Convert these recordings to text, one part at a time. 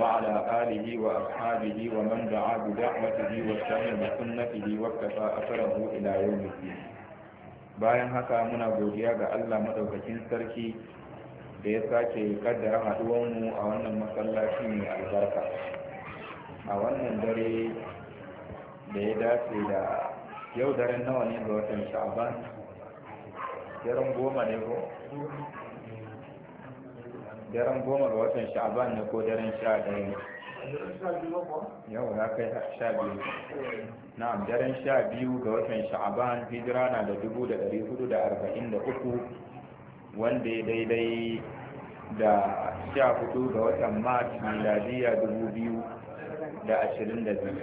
وعلى آله وأصحابه ومن دعا بدعوته واستنى بسنته واكتفى أثره إلى يوم الدين bayan haka muna godiya ga Allah madaukakin sarki da ya sake kaddara haduwanmu a wannan masallaci mai albarka a wannan dare da ya dace da yau daren nawa ne ga watan sha'aban daren goma ne ko daren goma ga watan sha'aban ne ko daren sha ɗaya yau ya kai sha biyu na'am daren sha biyu ga watan sha'aban hijira na da dubu da ɗari hudu da arba'in da uku wanda ya daidai da sha hudu ga watan mars miladiya dubu biyu da ashirin da biyu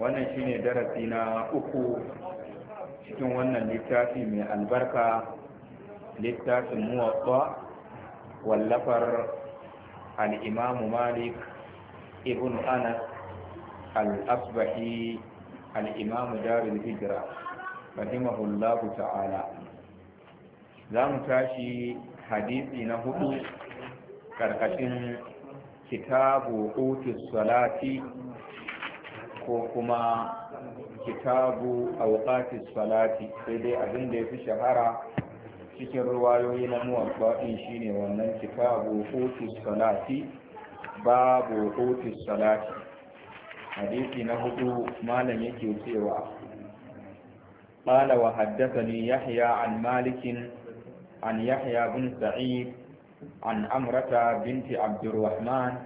wannan shine darasi na uku cikin wannan littafi mai albarka littafin muwatsa wallafar al'imamu malik ibn anas al'asbahi al'imamu jarin hijira rahimahullahu ta'ala za mu tashi hadisi na hudu ƙarƙashin kitabu hutun salati ko kuma kitabu auqatis salati sai dai abin da ya fi shahara cikin ruwayoyi na muwabba'in shine wannan kitabu hutus salati babu hutus salati hadisi na hudu malam yake cewa qala wa ne yahya an malikin an yahya bin sa'id an amrata binti abdurrahman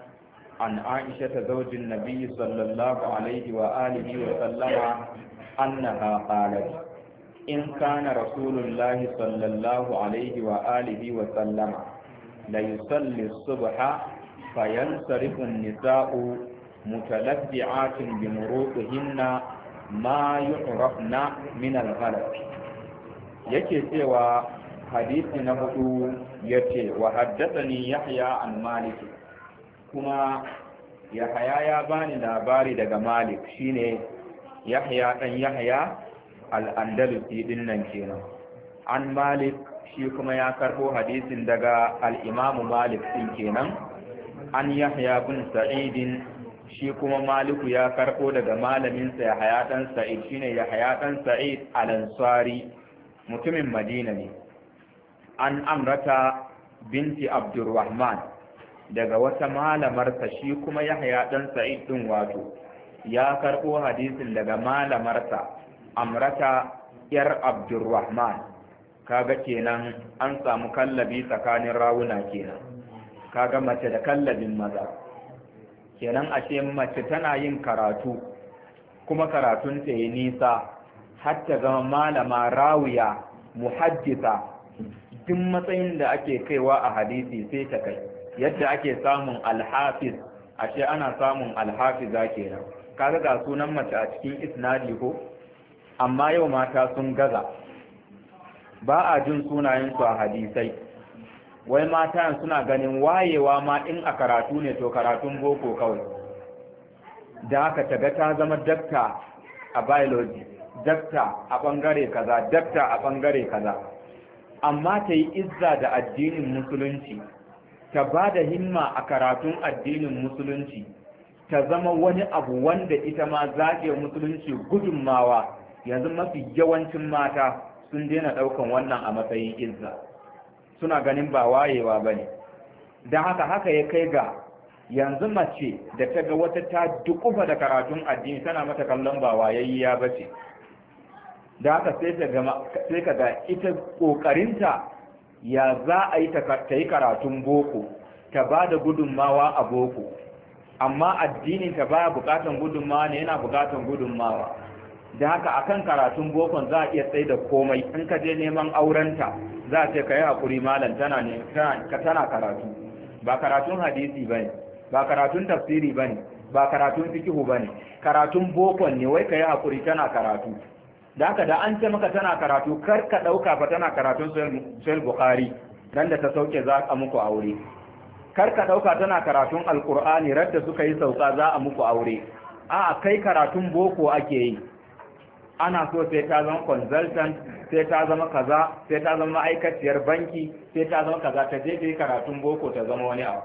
an aisha zaujin nabiy sallallahu alaihi wa alihi wa sallama annaha qalat in kana rasulullahi sallallahu alaihi wa alihi wa sallama la yusalli subha yansarifu nisa'u mutalabbi'atin bi muruqihinna ma yu'rafna min al-ghalab yake cewa hadisi na hudu yace wa haddathani yahya an malik kuma yahya ya bani labari daga malik shine yahya dan yahya al-andalusi din nan kenan an malik shi kuma ya karbo hadisin daga al-imamu malik din kenan an yahya bin sa'idin shi kuma maliku ya karbo daga malaminsa ya haya ɗan sa'id shine ya ɗan sa'id al mutumin madina ne an amrata binti abdurrahman daga wata malamarsa shi kuma ya ɗan sa'id ɗin wato ya karɓo hadisin daga malamarsa amrata yar abdurrahman kaga kenan an samu kallabi tsakanin rawuna kenan kaga mace da kallabin maza kenan a ce mace tana yin karatu kuma karatun ta yi nisa har ta zama malama rawiya muhaddisa duk matsayin da ake kaiwa a hadisi sai ta kai yadda ake samun alhafiz ashe ana samun alhafiza kenan kaga ga sunan mace a cikin isnadi ko amma yau mata sun gaza ba a jin sunayensu a hadisai wai mata suna ganin wayewa ma in a karatu ne to karatun boko kawai da haka taga ta zama dakta a biology dakta a bangare kaza dakta a bangare kaza amma ta yi izza da addinin musulunci ta ba da himma a karatun addinin musulunci ta zama wani abu wanda ita ma zaƙe musulunci gudunmawa yanzu mafi yawancin mata sun daina ɗaukan wannan a matsayin izza suna ganin ba wayewa ba ne don haka haka ya kai ga yanzu mace da ta ga wata ta dukufa da karatun addini tana mata kallon ba wayayya ba ce da haka sai ka ga ita ƙoƙarinta ya za a yi ta yi karatun boko ta ba da gudunmawa a boko amma addinin ta ba bukatan gudunmawa ne yana bukatan gudunmawa da haka akan karatun bokon za a iya tsaye da komai in ka je neman aurenta za a ce ka yi hakuri malam tana ne tana karatu ba karatun hadisi ba ne ba karatun tafsiri ba ne ba karatun fikihu ba ne karatun bokon ne wai ka yi hakuri tana karatu da haka da an ce maka tana karatu kar ka ɗauka fa tana karatun sahih bukhari nan da ta sauke za a muku aure kar ka ɗauka tana karatun alƙur'ani radda suka yi sauka za a muku aure a kai karatun boko ake yi ana so sai ta zama consultant sai ta zama kaza sai ta zama ma'aikaciyar banki sai ta zama kaza ta je ta yi karatun boko ta zama wani abu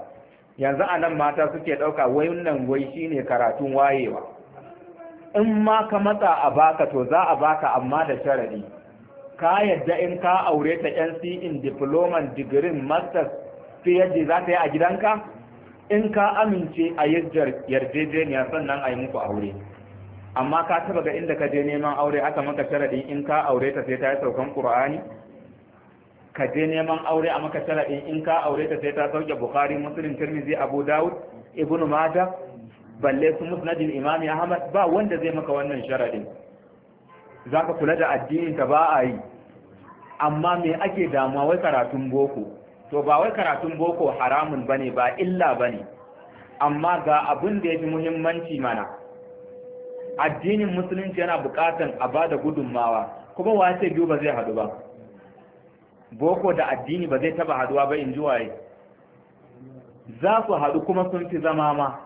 yanzu a nan mata suke ɗauka wannan wai shi ne karatun wayewa in ma ka matsa a baka to za a baka amma da sharadi ka yadda in ka aure ta yan e in diploma digirin, masters yadda za ta yi a gidanka in ka amince a yi yarjejeniya sannan a yi muku aure amma ka taba ga inda ka je neman aure aka maka sharadin in ka aure ta sai ta yi saukan qur'ani ka je neman aure a maka sharadin in ka aure ta sai ta sauke bukhari muslim tirmidhi abu daud ibnu majah balle su musnadin imami ahmad ba wanda zai maka wannan sharadin zaka kula da addinin ka ba a yi amma me ake damuwa wai karatun boko to ba wai karatun boko haramun bane ba illa bane amma ga abin da ya fi muhimmanci mana addinin musulunci yana bukatan a ba da gudunmawa kuma wa sai biyu ba zai haɗu ba boko da addini ba zai taba haɗuwa ba in ji waye za su haɗu kuma sun fi zama ma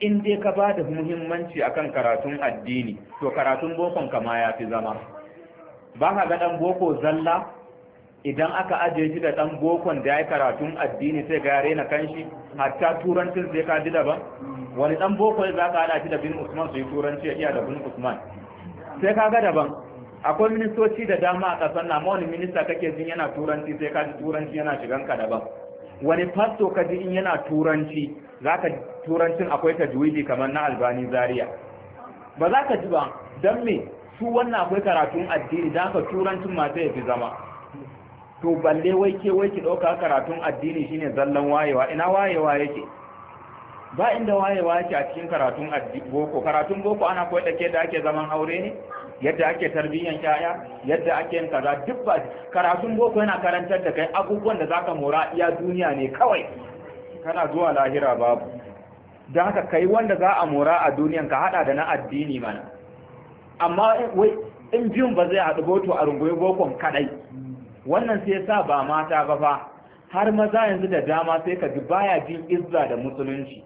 in dai ka ba da muhimmanci akan karatun addini to karatun bokon kama ya fi zama ba ka ga ɗan boko zalla idan aka ajiye shi da ɗan bokon da ya karatun addini sai ga yare na kanshi hatta turancin sai ka ji daban wani ɗan bokon za ka hada shi da bin usman su yi turanci ya iya da bin usman sai ka ga daban akwai ministoci da dama a ƙasar na wani minista kake jin yana turanci sai ka ji turanci yana shigan ka daban wani fasto ka ji in yana turanci za ka turancin akwai juwidi kamar na albani zaria ba za ka ji ba don me su wannan akwai karatun addini da ka turancin ma sai ya fi zama to balle wai ke wai ki ɗauka karatun addini shine zallan wayewa ina wayewa yake ba inda wayewa yake a cikin karatun boko karatun boko ana koyi da ke da ake zaman aure ne yadda ake tarbiyyar yaya yadda ake yin kaza duk ba karatun boko yana karantar da kai abubuwan da zaka mora iya duniya ne kawai kana zuwa lahira babu dan haka kai wanda za a mora a duniyan ka hada da na addini mana amma wai in biyun ba zai haɗu boto a rungoyi bokon kadai wannan sai sa ba mata ba fa har maza yanzu da dama sai ka ji baya jin izza da musulunci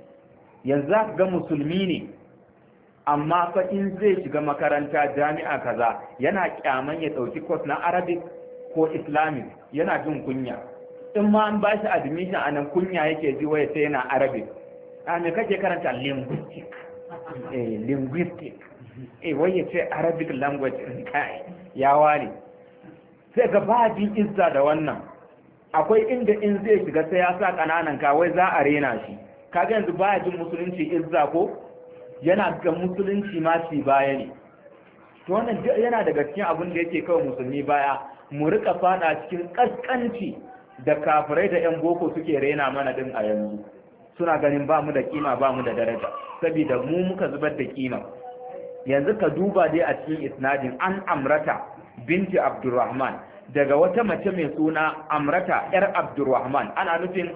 yanzu za ka ga musulmi ne amma fa in zai shiga makaranta jami'a kaza yana kyaman ya ɗauki kwas na arabic ko islamic yana jin kunya in ma an ba shi admission anan kunya yake ji waya sai yana arabic a ah, me kake karanta linguistic eh linguistic eh wai ya ce arabic language kai ya ware sai ga babin izza da wannan akwai inda in zai shiga sai ya sa kawai za a rena shi kaga yanzu baya jin musulunci izza ko yana ga musulunci ma shi baya ne to wannan yana daga cikin abin da yake kawai musulmi baya mu rika fada cikin kaskanci da kafirai da yan boko suke rena mana din a yanzu suna ganin ba mu da kima ba mu da daraja saboda mu muka zubar da kima yanzu ka duba dai a cikin isnadin an amrata binti abdurrahman daga wata mace mai suna amrata yar abdurrahman ana nufin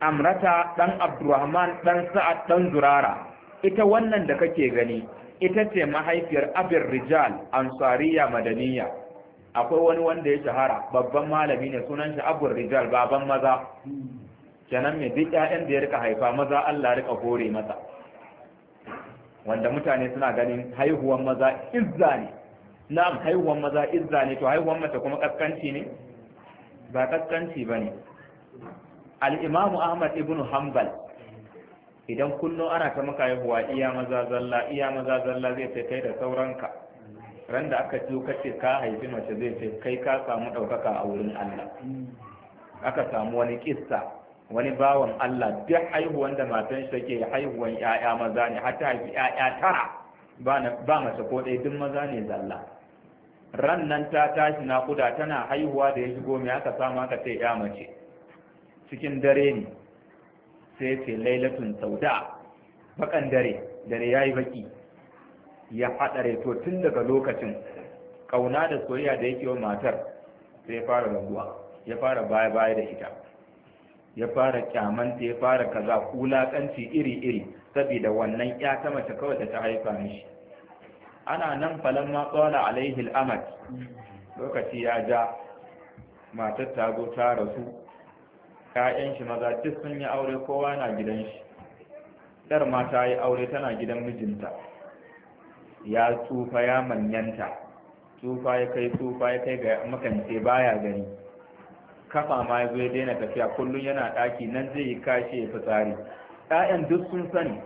amrata dan abdurrahman dan sa'ad ɗan zurara ita wannan da kake gani ita ce mahaifiyar abin rijal ansariya madaniya akwai wani wanda ya shahara babban malami ne sunan shi abin rijal baban maza kenan mai duk ƴaƴan da ya rika haifa maza Allah rika hore masa wanda mutane suna ganin haihuwar maza izza ne na'am haihuwan maza izza ne to haihuwan mace kuma kaskanci ne ba kaskanci ba ne al'imamu ahmad ibn hanbal idan kullum ana ta maka haihuwa iya maza zalla iya maza zalla zai ce kai da sauranka ran da aka ciwo kace ka haifi mace zai ce kai ka samu ɗaukaka a wurin allah aka samu wani kissa wani bawan allah duk haihuwan da matan shi take haihuwan 'ya'ya maza ne har ta haifi 'ya'ya tara ba mace ko ɗaya duk maza ne zalla ran nan ta tashi naƙuda tana haihuwa da ya shigo mai aka samu aka ce ya mace cikin dare ne sai ce lailatun sauda bakan dare dare ya yi baki ya haɗare to tun daga lokacin ƙauna da soyayya da yake wa matar sai ya fara rabuwa ya fara baya baya da ita ya fara kyamanta ya fara kaza kulakanci iri iri saboda wannan ya ta mace kawai da ta haifa mishi ana nan falon matsala alaihi al'amad lokaci ya ja matar ta ta rasu ƴaƴan shi maza duk sun yi aure kowa na gidan shi ɗar ma yi aure tana gidan mijinta ya tsufa ya manyanta tsufa ya kai tsufa ya kai ga makance baya gani kafa ma ya zo ya daina tafiya kullum yana ɗaki nan zai yi kashi ya fitsari ƴaƴan duk sun sani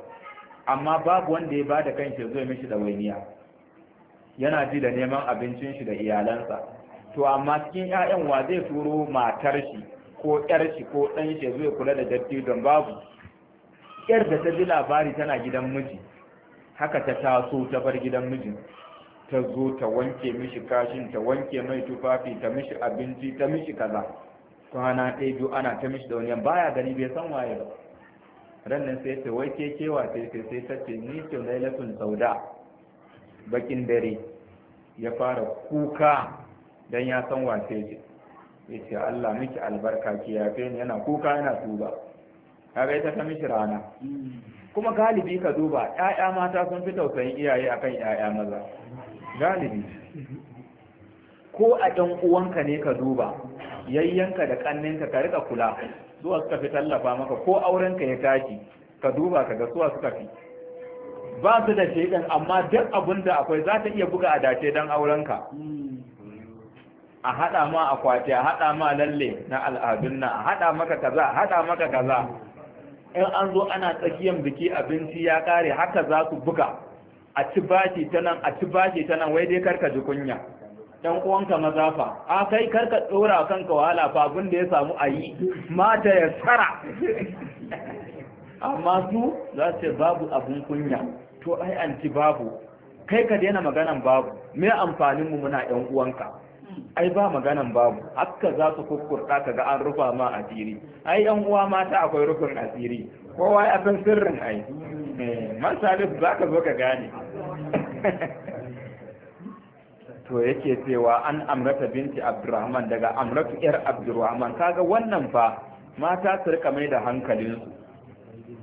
amma babu wanda ya bada kanshi ya zai mishi wainiya yana ji da neman abincin shi da iyalansa to amma cikin 'ya'yan wa zai turo matar shi ko 'yar shi ko ɗan shi zai kula da don babu 'yar da ta ji labari tana gidan miji haka ta taso ta bar gidan miji. ta zo ta wanke mishi kashin ta wanke mai tufafi ta mishi abinci ta mishi kaza kwana ɗaya biyu ana ta mishi da wani baya gani bai san waye ba rannan sai ta wai ke kewa sai sai ta ce ni ce lailatun sauda bakin dare ya fara kuka don ya san wace ce ya ce Allah miki albarka ki yafe ni yana kuka yana tuba kaga ita ta mishi rana kuma galibi ka duba 'ya'ya mata sun fi tausayin iyaye akan 'ya'ya maza galibi ko a ɗan uwanka ne ka duba yayyanka da ƙanninka ka rika kula zuwa suka fi tallafa maka ko aurenka ya tashi ka duba ka ga suwa suka fi ba su da shaidan amma duk abin da akwai za ta iya buga a dace don aurenka a haɗa ma akwati a haɗa ma lalle na al'adun na a haɗa maka kaza a haɗa maka kaza in an zo ana tsakiyar biki abinci ya kare haka za su buga a ci bashi ta nan a ci bashi ta nan wai dai karka ji kunya dan uwanka mazafa fa a kai karka ɗora kanka wahala fa abin da ya samu a yi mata ya tsara amma su za su ce babu abin kunya to ai anti babu kai ka daina maganan babu me amfanin mu muna yan uwanka ai ba maganan babu haka za su kukkurta ka ga an rufa ma asiri ai yan uwa mata akwai rufin asiri kowa ya san sirrin ai eh, man salif za ka zo ka gane to yake cewa an amrata binti abdurrahman daga amratu yar abdurrahman kaga wannan fa mata su rika mai da hankalinsu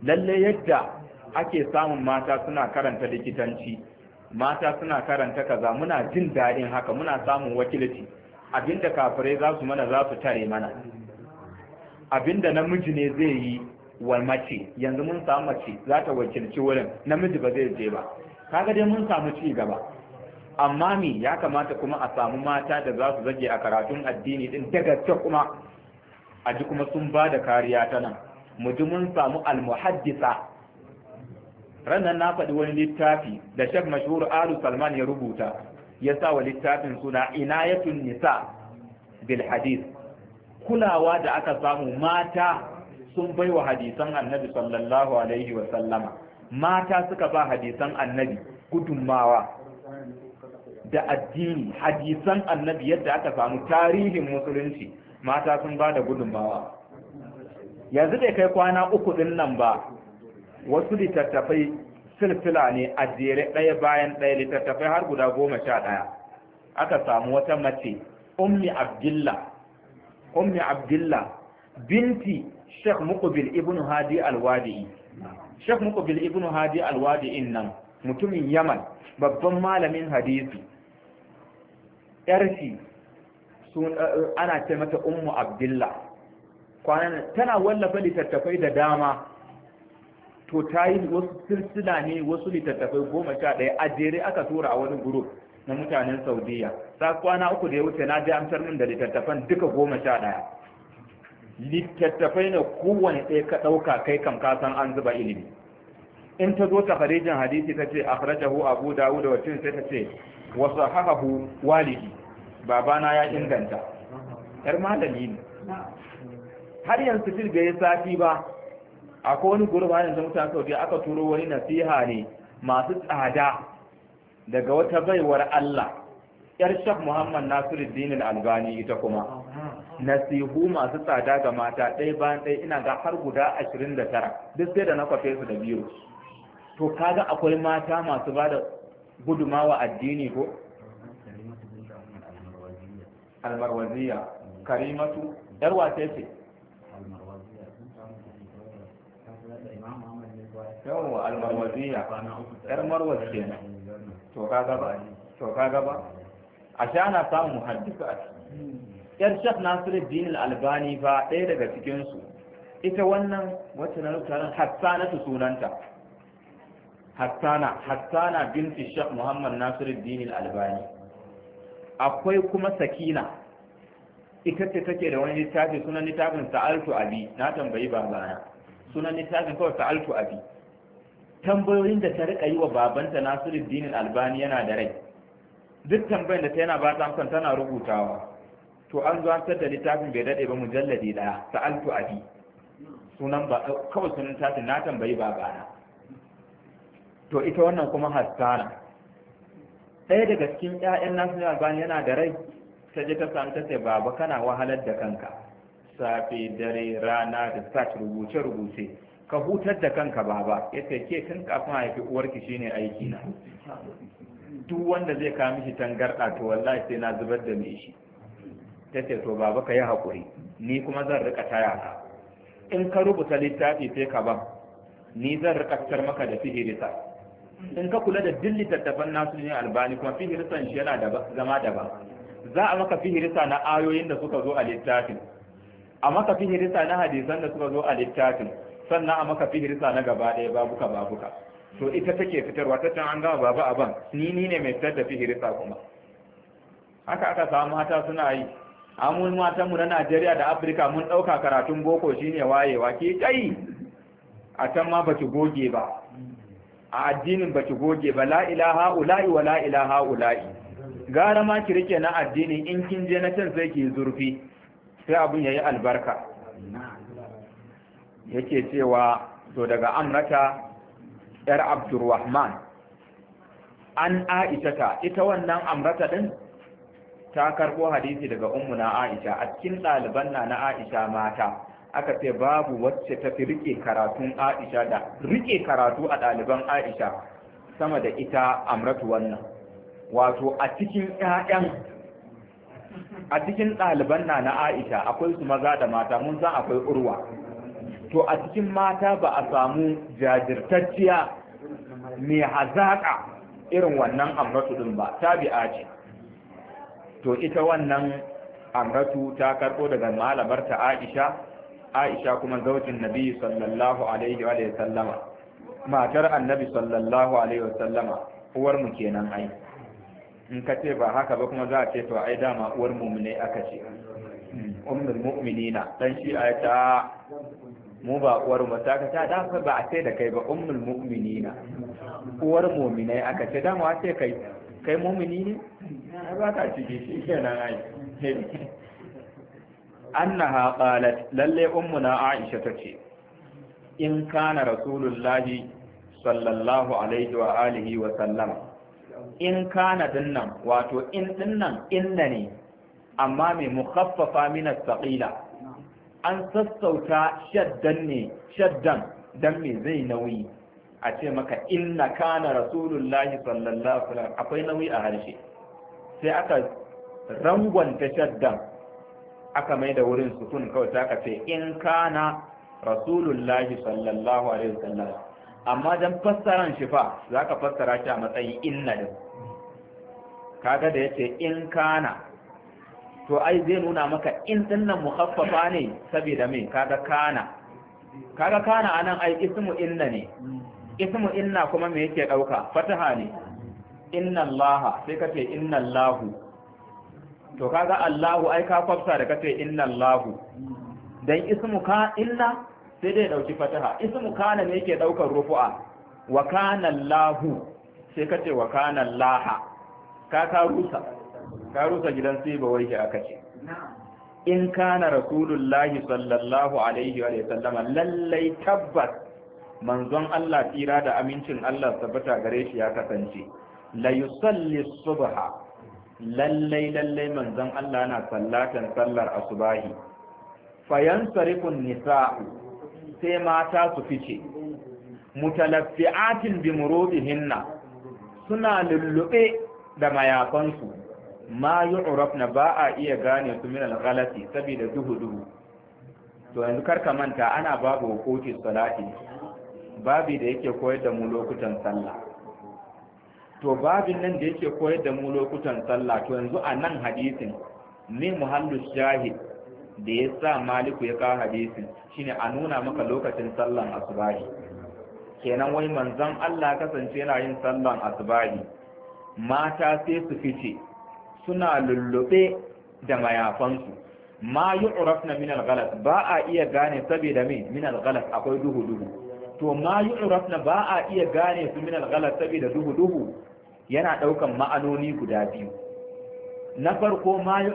lalle yadda ake samun mata suna karanta likitanci mata suna karanta kaza muna jin daɗin haka muna samun wakilci abinda kafirai za su mana za su tare mana abinda namiji ne zai yi wa mace yanzu mun samu mace za ta wakilci wurin namiji ba zai je ba kaga dai mun samu ci gaba amma me ya kamata kuma a samu mata da za su zage a karatun addini din daga ta kuma a ji kuma sun ba da kariya ta nan mu ji mun samu almuhaddisa rannan na faɗi wani littafi da shek mashhur alu salman ya rubuta ya sa wa littafin suna ina inayatun nisa bil hadith kulawa da aka samu mata sun bai wa hadisan annabi sallallahu alaihi wa sallama mata suka ba hadisan annabi gudunmawa da addini hadisan annabi yadda aka samu tarihin musulunci mata sun ba da gudunmawa yanzu da kai kwana uku din nan ba wasu littattafai silsila ne a jere ɗaya bayan ɗaya littattafai har guda goma sha ɗaya aka samu wata mace ummi abdillah ummi abdillah binti sheikh muqbil ibn hadi alwadi'i sheikh muqbil ibn hadi alwadi'in nan mutumin yaman babban malamin hadisi yarshi eh, ana ce mata ummu Abdulla. kwanan tana wallafa littattafai da dama to ta yi wasu silsila ne wasu littattafai goma sha ɗaya a jere aka tura a wani guruf na mutanen saudiya ta kwana uku da ya wuce na ji amsar min da litattafan duka goma sha ɗaya littattafai na kowane ɗaya ka ɗauka kai kam ka san an zuba ilimi in ta zo ta farijin hadisi ta ce akhrajahu abu dawud wa tin sai ta ce wa sahahahu walidi babana ya inganta yar malami ne har yanzu tilga ya safi ba akwai wani gurba ne da mutane saudi aka turo wani nasiha ne masu tsada daga wata baiwar Allah yar shaf Muhammad Nasiruddin Al-Albani ita kuma nasihu masu tsada ga mata ɗaya bayan ɗaya ina ga har guda 29 duk sai da na kwafe su da biyu to kaga akwai mata masu ba da gudumawa addini ko almarwaziya karimatu yar wace ce yawon almarwaziya yar marwas kenan to ka gaba to ka gaba a sha na samun muhaddisa a ciki yar shaf nasiruddin al-albani ba ɗaya daga cikinsu ita wannan wacce na rubuta nan hassana ta sunanta hassana hassana binti shaf muhammad nasiruddin al-albani akwai kuma sakina ita ce take da wani littafi sunan littafin sa'altu abi na tambayi ba babana sunan littafin kawai sa'altu abi tambayoyin da ta rika yi wa babanta dinin Albani yana da rai duk tambayin da ta yana ba ta tana rubutawa to an zo an da littafin bai daɗe ba mujalladi daya sa'altu abi sunan ba kawai sunan tafi, na tambayi babana to ita wannan kuma hassana ɗaya daga cikin ƴaƴan nasiru Albani yana da rai ta je ta samu ta ce baba kana wahalar da kanka safe dare rana da sat rubuce rubuce ka hutar da kanka baba ya ce ke tun kafin haifi uwarki shine aiki na duk wanda zai kawo mishi tangarɗa to wallahi sai na zubar da mai shi ta ce to baba ka yi haƙuri ni kuma zan rika taya ka in ka rubuta littafi sai ka ban ni zan rika fitar maka da fihirisa in ka kula da duk littattafan nasu ne albani kuma fihirisan shi yana zama daban za a maka fihirisa na ayoyin da suka zo a littafin a maka fihirisa na hadisan da suka zo a littafin sannan a maka fihirsa na gaba ɗaya babuka babuka to ita take fitarwa ta can an gama babu aban ni ni ne mai fitar da fihirsa kuma haka aka samu mata suna yi amun matan mu na Najeriya da Afirka mun ɗauka karatun boko shine wayewa ke kai a can ma baki goge ba a addinin baki goge ba la ilaha ula'i wa la ilaha ula'i gara ma ki rike na addinin in kin je na can sai ki zurfi sai abin ya yi albarka yake cewa to daga amrata yar abdurrahman an aishata ita wannan amrata din ta karbo hadisi daga ummuna aisha a cikin ɗaliban na na aisha mata aka ce babu wacce ta fi rike karatun aisha da rike karatu a ɗaliban aisha sama da ita amratu wannan wato a cikin ƴaƴan a cikin ɗaliban na na aisha akwai su maza da mata mun san akwai urwa to a cikin mata ba a samu jajirtacciya mai hazaƙa irin wannan amratu ɗin ba tabi'a ce to ita wannan amratu ta karɓo daga malamarta aisha aisha kuma zaujin nabi sallallahu alaihi wa sallama matar annabi sallallahu alaihi wa sallama uwar mu kenan ai in ka ce ba haka ba kuma za a ce to ai dama uwar ne aka ce hmm, ummul mu'minina dan shi ta. mu ba uwar mu ta ta da ba a ce da kai ba ummul mu'minina uwar mu'minai aka ce da ma ce kai kai mu'mini ne ba ka ciki shi kenan ai annaha qalat lalle ummuna aisha tace in kana rasulullahi sallallahu alaihi wa alihi wa sallama in kana dinnan wato in dinnan inna ne amma mai mukhaffafa min as-saqila an sassauta shaddan ne shaddan dan me zai nauyi a ce maka inna kana rasulullahi sallallahu alaihi akwai nauyi a harshe sai aka rangwanta shaddan aka mai da wurin sukun kawai sai aka ce in kana rasulullahi sallallahu alaihi wasallam amma dan fassaran shi fa zaka fassara shi a matsayin inna din kaga da yace in kana to ai zai nuna maka in dinnan mukhaffafa ne saboda me kaga kana kaga kana anan ai ismu inna ne ismu inna kuma me yake dauka fataha ne inna allah sai kace inna allah to kaga allahu ai ka kwafsa da kace inna allah dan ismu ka inna sai dai dauki fataha ismu kana ne yake daukar rufu'a wa kana allah sai kace wa kana allah ka ka rusa ka rusa gidan sai ba wai aka ce in kana rasulullahi sallallahu alaihi wa sallama lallai tabbas manzon Allah tira da amincin Allah tabbata gare shi ya kasance la yusalli subha lallai lallai manzon Allah na sallatan sallar asubahi fayansarifun nisa sai mata su fice mutalaffi'atin bi murudihinna suna lullube da mayafansu ma na ba a iya gane su min al saboda duhu duhu to yanzu karka manta ana babu hukuki salati babi da yake koyar da mu lokutan sallah to babin nan da yake koyar da mu lokutan sallah to yanzu a nan hadisin ne muhallu shahid da ya sa maliku ya kawo hadisin shine a nuna maka lokacin sallan asubahi kenan wai manzon Allah kasance yana yin sallan asubahi mata sai su fice suna lullube da mayafansu ma yi min al galas, ba a iya gane saboda min al galas akwai duhu duhu to ma yu'rafna ba a iya gane su min al-ghalas saboda duhu duhu yana daukan ma'anoni guda biyu na farko ma yi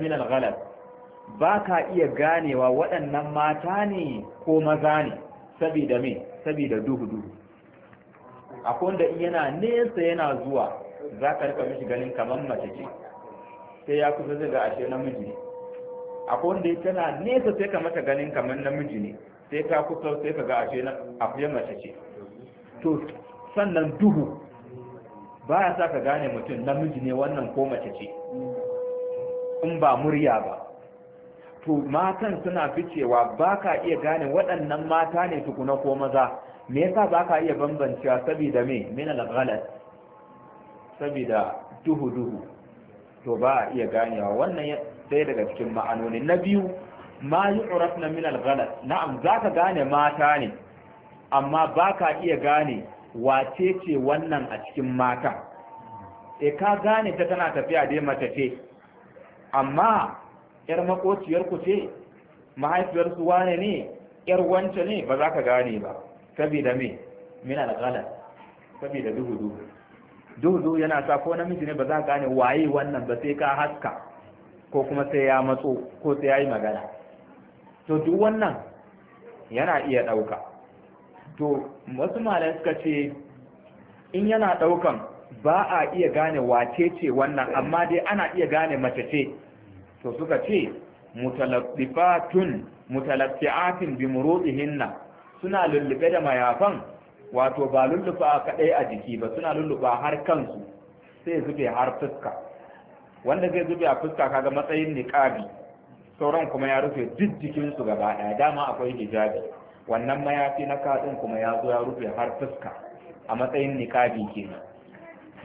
min al galas ba ka iya ganewa waɗannan mata ne ko maza ne saboda min saboda duhu duhu akwai da yana nesa yana zuwa za ka rika mishi ganin kamar mace ce sai ya kusa zai ga ashe namiji ne akwai wanda ya tana nesa sai ka mata ganin kamar namiji ne sai ka kusa sai ka ga ashe na afiya mace ce to sannan duhu ba ya sa ka gane mutum namiji ne wannan ko mace ce in ba murya ba to matan suna ficewa ba ka iya gane waɗannan mata ne tukuna ko maza me yasa ba ka iya bambancewa saboda me min al saboda duhu duhu to ba a iya ganewa wannan sai daga cikin ma'anoni na biyu ma yi urafna min minal ghalat na'am ka gane mata ne amma ba ka iya gane wace ce wannan a cikin mata e ka gane ta tana tafiya dai mata ce amma yar makociyar ku ce mahaifiyar su wane ne yar wance ne ba za ka gane ba sabida me min al sabida duhu duhu duhu yana sa ko namiji ne ba za gane waye wannan ba sai ka haska ko kuma sai ya matso ko sai ya yi magana to duk wannan yana iya ɗauka to wasu malai suka ce in yana ɗaukan ba a iya gane wace ce wannan amma dai ana iya gane mace ce to suka ce mutalaffatun mutalaffiatin bi murudihinna suna lullube da mayafan wato ba lullufa kaɗai a jiki ba suna lullufa har kansu sai zube har fuska wanda zai zube a fuska kaga matsayin niqabi sauran kuma ya rufe duk jikin su gaba daya dama akwai hijabi wannan mayafi na kaɗin kuma ya zo ya rufe har fuska a matsayin niqabi kenan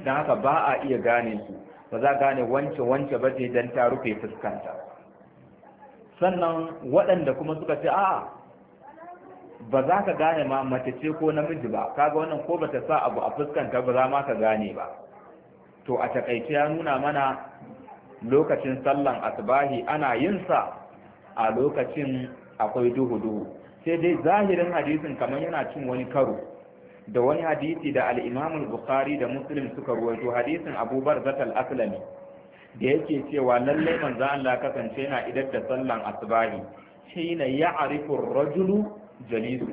dan haka ba a iya gane su ba za gane wance wance ba ce don ta rufe fuskanta sannan waɗanda kuma suka ce a'a ba za ka gane ma mace ce ko namiji ba kaga wannan ko bata sa abu a fuskanta ba za ma ka gane ba to a takaice ya nuna mana lokacin sallan asbahi ana yin sa a lokacin akwai duhu duhu sai dai zahirin hadisin kamar yana cin wani karo da wani hadisi da al-Imam bukhari da Muslim suka ruwaito hadisin Abu Barzat al-Aslami da yake cewa lalle manzo Allah kasance yana idar da sallan asbahi shine ya'rifu ar-rajulu jalisu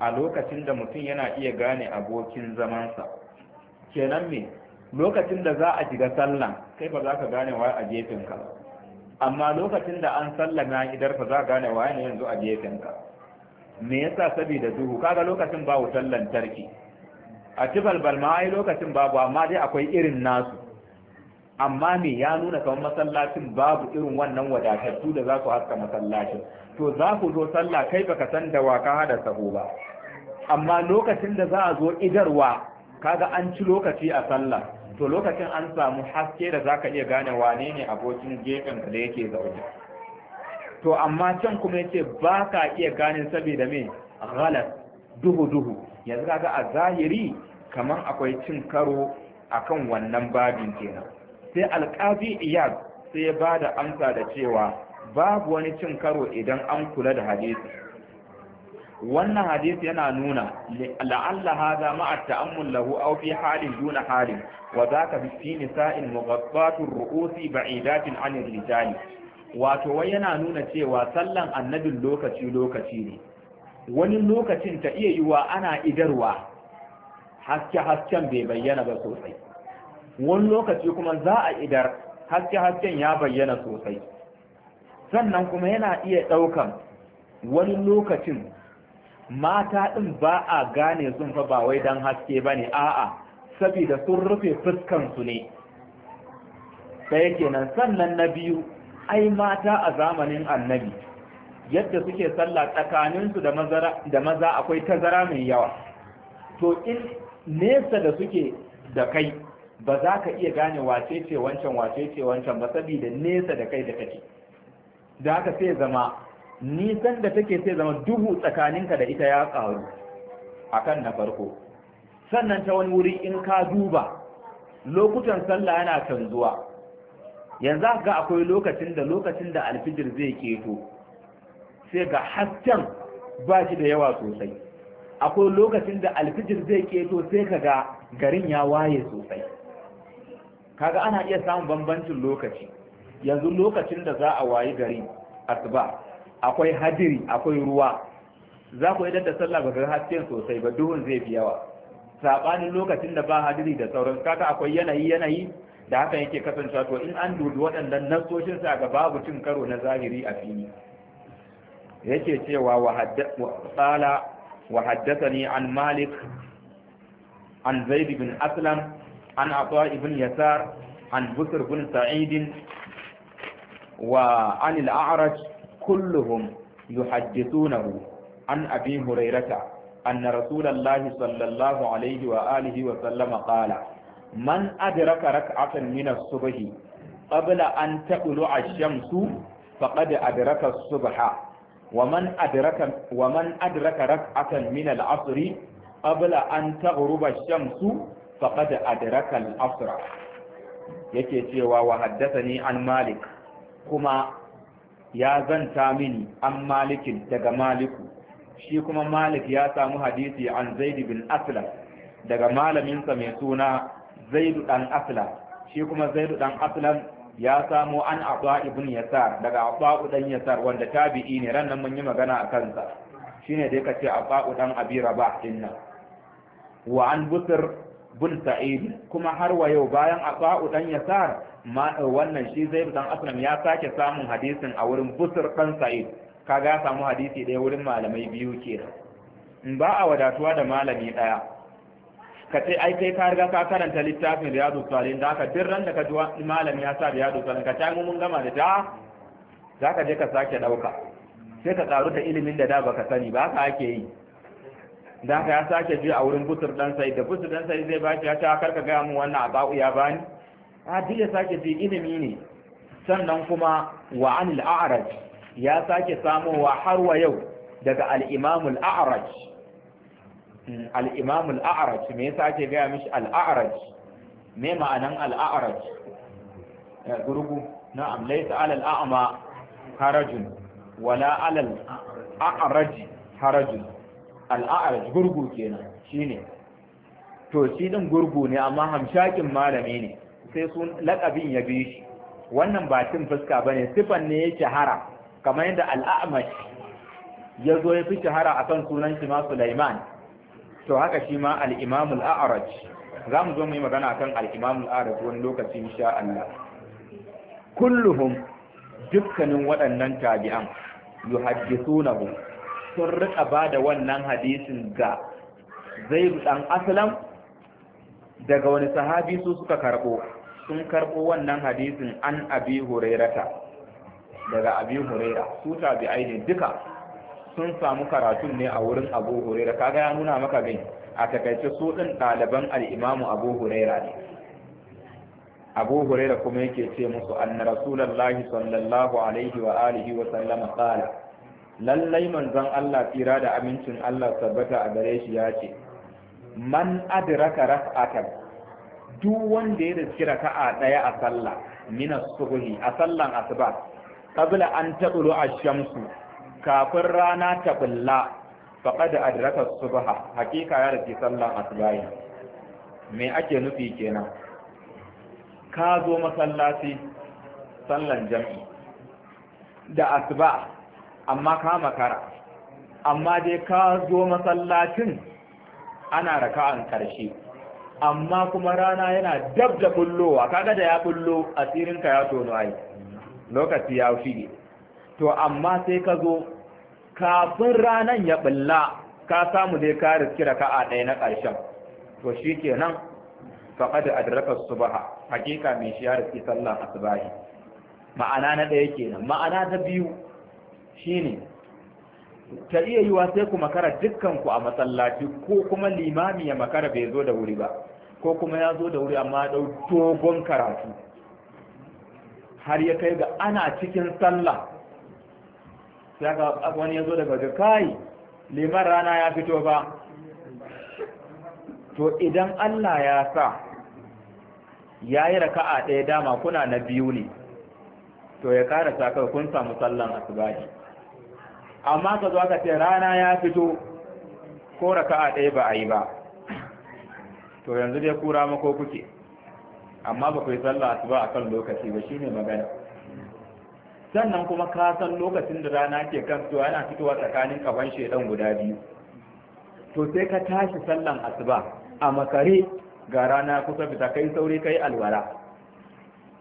a lokacin da mutum yana iya gane abokin zamansa kenan me lokacin da za a shiga sallah kai ba za ka gane wa a gefenka amma lokacin da an sallama idar fa za gane wa ne yanzu a gefenka me yasa saboda duhu kaga lokacin ba wutar lantarki a tibalbal ma ai lokacin babu amma dai akwai irin nasu amma me ya nuna kamar masallacin babu irin wannan wadatattu da za ku haska masallacin to za ku zo sallah kai baka san da waka hada sabo ba amma lokacin da za a zo idarwa kaga an ci lokaci a sallah to lokacin an samu haske da za ka iya gane wane ne abokin gefen da yake zaune to amma can kuma yace ba ka iya gane saboda me ghalat duhu duhu yanzu kaga a zahiri kaman akwai cin karo akan wannan babin kenan sai alƙazi iyad sai ya ba da amsa da cewa babu wani cin karo idan an kula da hadisi wannan hadisi yana nuna la'alla hadha ma'a ta'ammul lahu aw fi halin duna halin wa zaka bi fi nisa'in mughaffatur ru'usi ba'idatin 'anil rijali wato wai yana nuna cewa sallan annabin lokaci lokaci ne wani lokacin ta iya yiwa ana idarwa haske hasken bai bayyana ba sosai wani lokaci kuma za a idar haske-hasken ya bayyana sosai sannan kuma yana iya ɗaukan wani lokacin mata ɗin ba a gane sun fa ba wai don haske ba ne a'a saboda sun rufe fuskansu ne yake nan, sannan na biyu ai mata a zamanin annabi yadda suke sallah tsakaninsu da maza akwai tazara mai yawa to in nesa da suke da kai ba za ka iya gane wace ce wancan wace ce wancan ba saboda nesa da kai da kake da haka sai zama nisan da take sai zama duhu tsakaninka da ita ya karu akan na farko sannan ta wani wuri in ka duba lokutan sallah yana canzuwa yanzu ga akwai lokacin da lokacin da alfijir zai keto sai ga hasken ba shi da yawa sosai akwai lokacin da alfijir zai keto sai ka ga garin ya waye sosai kaga ana iya samun bambancin lokaci yanzu lokacin da za a wayi gari asuba akwai hadiri akwai ruwa za ku idan da sallah ba ga hasken sosai ba duhun zai fi yawa sabanin lokacin da ba hadiri da sauran kaga akwai yanayi yanayi da haka yake kasancewa to in an dudu waɗannan nasoshin sa ga babu cin karo na zahiri a fili yake cewa wa haddathani an malik an zaid bin aslam an عطاء بن يسار عن بكر بن سعيد وعن الأعرج كلهم يحدثونه عن أبي هريرة أن رسول الله صلى الله عليه وآله وسلم قال من أدرك ركعة من الصبح قبل أن تطلع الشمس فقد أدرك الصبح ومن أدرك ومن أدرك ركعة من العصر قبل أن تغرب الشمس faqad adraka al-asra yake cewa wa haddathani an malik kuma ya zanta mini an malikin daga maliku shi kuma malik ya samu hadisi an zaid bin aslam daga malaminsa mai suna zaid dan aslam shi kuma zaid dan aslam ya samu an aba ibn yasar daga aba dan yasar wanda tabi'i ne ran nan mun yi magana a kansa shine da yake ce aba dan abi rabah dinnan wa an busr bin sa'id kuma har wa yau bayan asa'u dan yasar eh, wannan shi zai dan aslam ya sake samun hadisin a wurin busur dan sa'id kaga ya samu hadisi ɗaya wurin malamai biyu ke in ba a wadatuwa da malami ɗaya ka ce ai kai ka riga ka karanta littafin riyadu salihin da ka dirran da ka ji malami ya sa riyadu salihin ka ta mun gama da ta za ka je ka sake ɗauka sai ka karu da ilimin da da baka sani ba ka ake yi da haka ya sake je a wurin busur dan sai da busur dan sai zai baki ya ta ah, karka gaya mu wannan abau ya bani a ah, duk sake je ilimi ne sannan kuma wa anil a'raj ya sake wa har wa yau daga al-imam al-a'raj hmm, al-imam al-a'raj me yasa ake gaya mishi al-a'raj me ma'anan al-a'raj gurgu na'am laysa 'ala al-a'ma harajun wala 'ala al-a'raj harajun al'a'araj gurgu kenan shine to shi din gurgu ne amma hamshakin malami ne sai sun lakabin ya bi shi wannan ba cin fuska bane sifan ne ya shahara kamar yadda al'amash ya zo ya fi shahara akan sunan shi ma Sulaiman to haka shi ma al-Imam al-A'raj za mu zo mu yi magana akan al-Imam al-A'raj wani lokaci insha Allah kulluhum dukkanin waɗannan tabi'an yuhaddithunahu sun riƙa ba da wannan hadisin ga zai ɗan asalan daga wani sahabi su suka karɓo sun karɓo wannan hadisin an abi hurairata daga abi huraira su tabi'ai ne duka sun samu karatun ne a wurin abu huraira kaga ya nuna maka gai a takaice su ɗin ɗaliban al'imamu abu huraira ne abu huraira kuma yake ce musu anna rasulallahi sallallahu alaihi wa alihi wa sallama qala lallai manzon Allah tsira da amincin Allah tabbata a gare shi ya ce man adraka rak'atan duk wanda ya riski raka'a daya a sallah min as-subhi a sallan asuba qabla an taqulu ash-shamsu kafin rana ta bulla faqad adraka as-subha hakika ya riski sallan asuba me ake nufi kenan ka zo masallaci sallan jam'i da asuba amma ka makara amma dai ka zo masallacin ana raka'an karshe amma kuma rana yana dab da bullowa kaga da ya bullo ka ya tono ai lokaci ya shige to amma sai ka zo kafin ranan ya bulla ka samu dai ka riski raka'a ɗaya na ƙarshen to shi kenan faƙad adraka baha. hakika mai shi ya riski sallan asbahi ma'ana na ɗaya kenan ma'ana ta biyu shine ta iya yiwa sai ku makara dukkan a masallaci ko kuma limami ya makara bai zo da wuri ba ko kuma ya zo da wuri amma dau dogon karatu har ya kai ga ana cikin sallah sai ga wani ya zo daga ga kai liman rana ya fito ba to idan Allah ya sa ya yi raka'a ɗaya dama kuna na biyu ne to ya karasa kai kun samu sallan asibiti amma ka zo aka ce rana ya fito ko raka'a ɗaya ba a yi ba to yanzu dai kura mako kuke amma ba ku yi sallah asuba a kan lokaci ba shi ne magana sannan kuma ka san lokacin da rana ke kan fitowa yana fitowa tsakanin kaban shedan guda biyu to sai ka tashi sallan asuba a makare ga rana kusa fita kai sauri kai alwara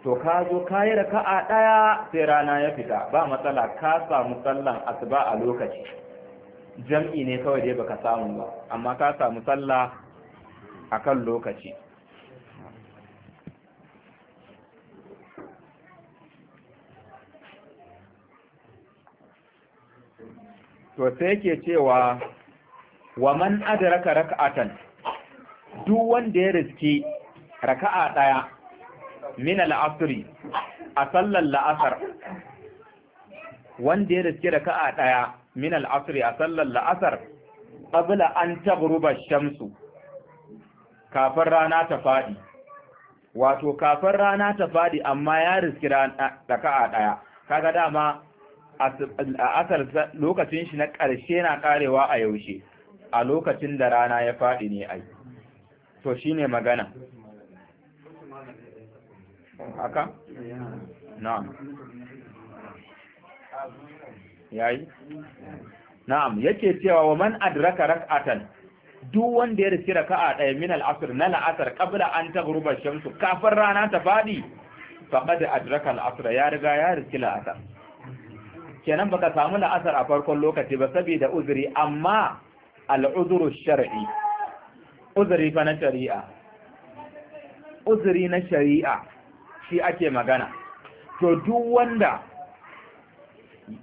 to ka zo ka yi raka'a ɗaya sai rana ya fita ba matsala ka samu sallan asuba a lokaci jam'i ne kawai dai baka samu ba amma ka samu sallah a lokaci to sai ke cewa wa man adraka raka'atan duk wanda ya riski raka'a ɗaya min al'asri a sallar la'asar wanda ya riske da ka'a ɗaya min al'asri a sallar la'asar ƙabila an tagruba shamsu kafin rana ta faɗi wato kafin rana ta faɗi amma ya riske da ka'a ɗaya kaga dama asar lokacin shi na ƙarshe na ƙarewa a yaushe a lokacin da rana ya faɗi ne ai to shine magana haka na'am yayi na'am yake cewa wa man adraka rak'atan duk wanda ya rike raka'a ɗaya min al-asr na la'asar qabla an taghruba ash-shams kafin rana ta fadi faqad adraka al-asr ya riga ya riski asr kenan baka samu la'asar a farkon lokaci ba saboda uzuri amma al-udhru shar'i uzuri fa na shari'a uzuri na shari'a shi ake magana to duk wanda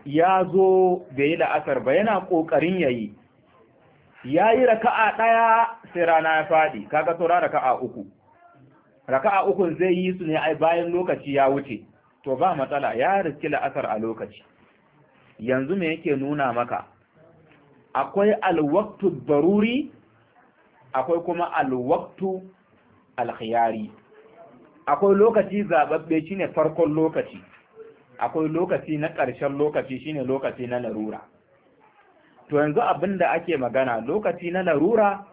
ya zo bai yi la'asar ba yana ƙoƙarin ya yi ya yi raka'a ɗaya sai rana ya faɗi kaga saura raka'a uku raka'a uku zai yi su ne ai bayan lokaci ya wuce to ba matsala ya riski la'asar a lokaci yanzu me yake nuna maka akwai alwaktu baruri, akwai kuma alwaktu alkhiyari akwai lokaci zababbe shine farkon lokaci akwai lokaci na ƙarshen lokaci shine lokaci na larura to yanzu abin da ake magana lokaci na larura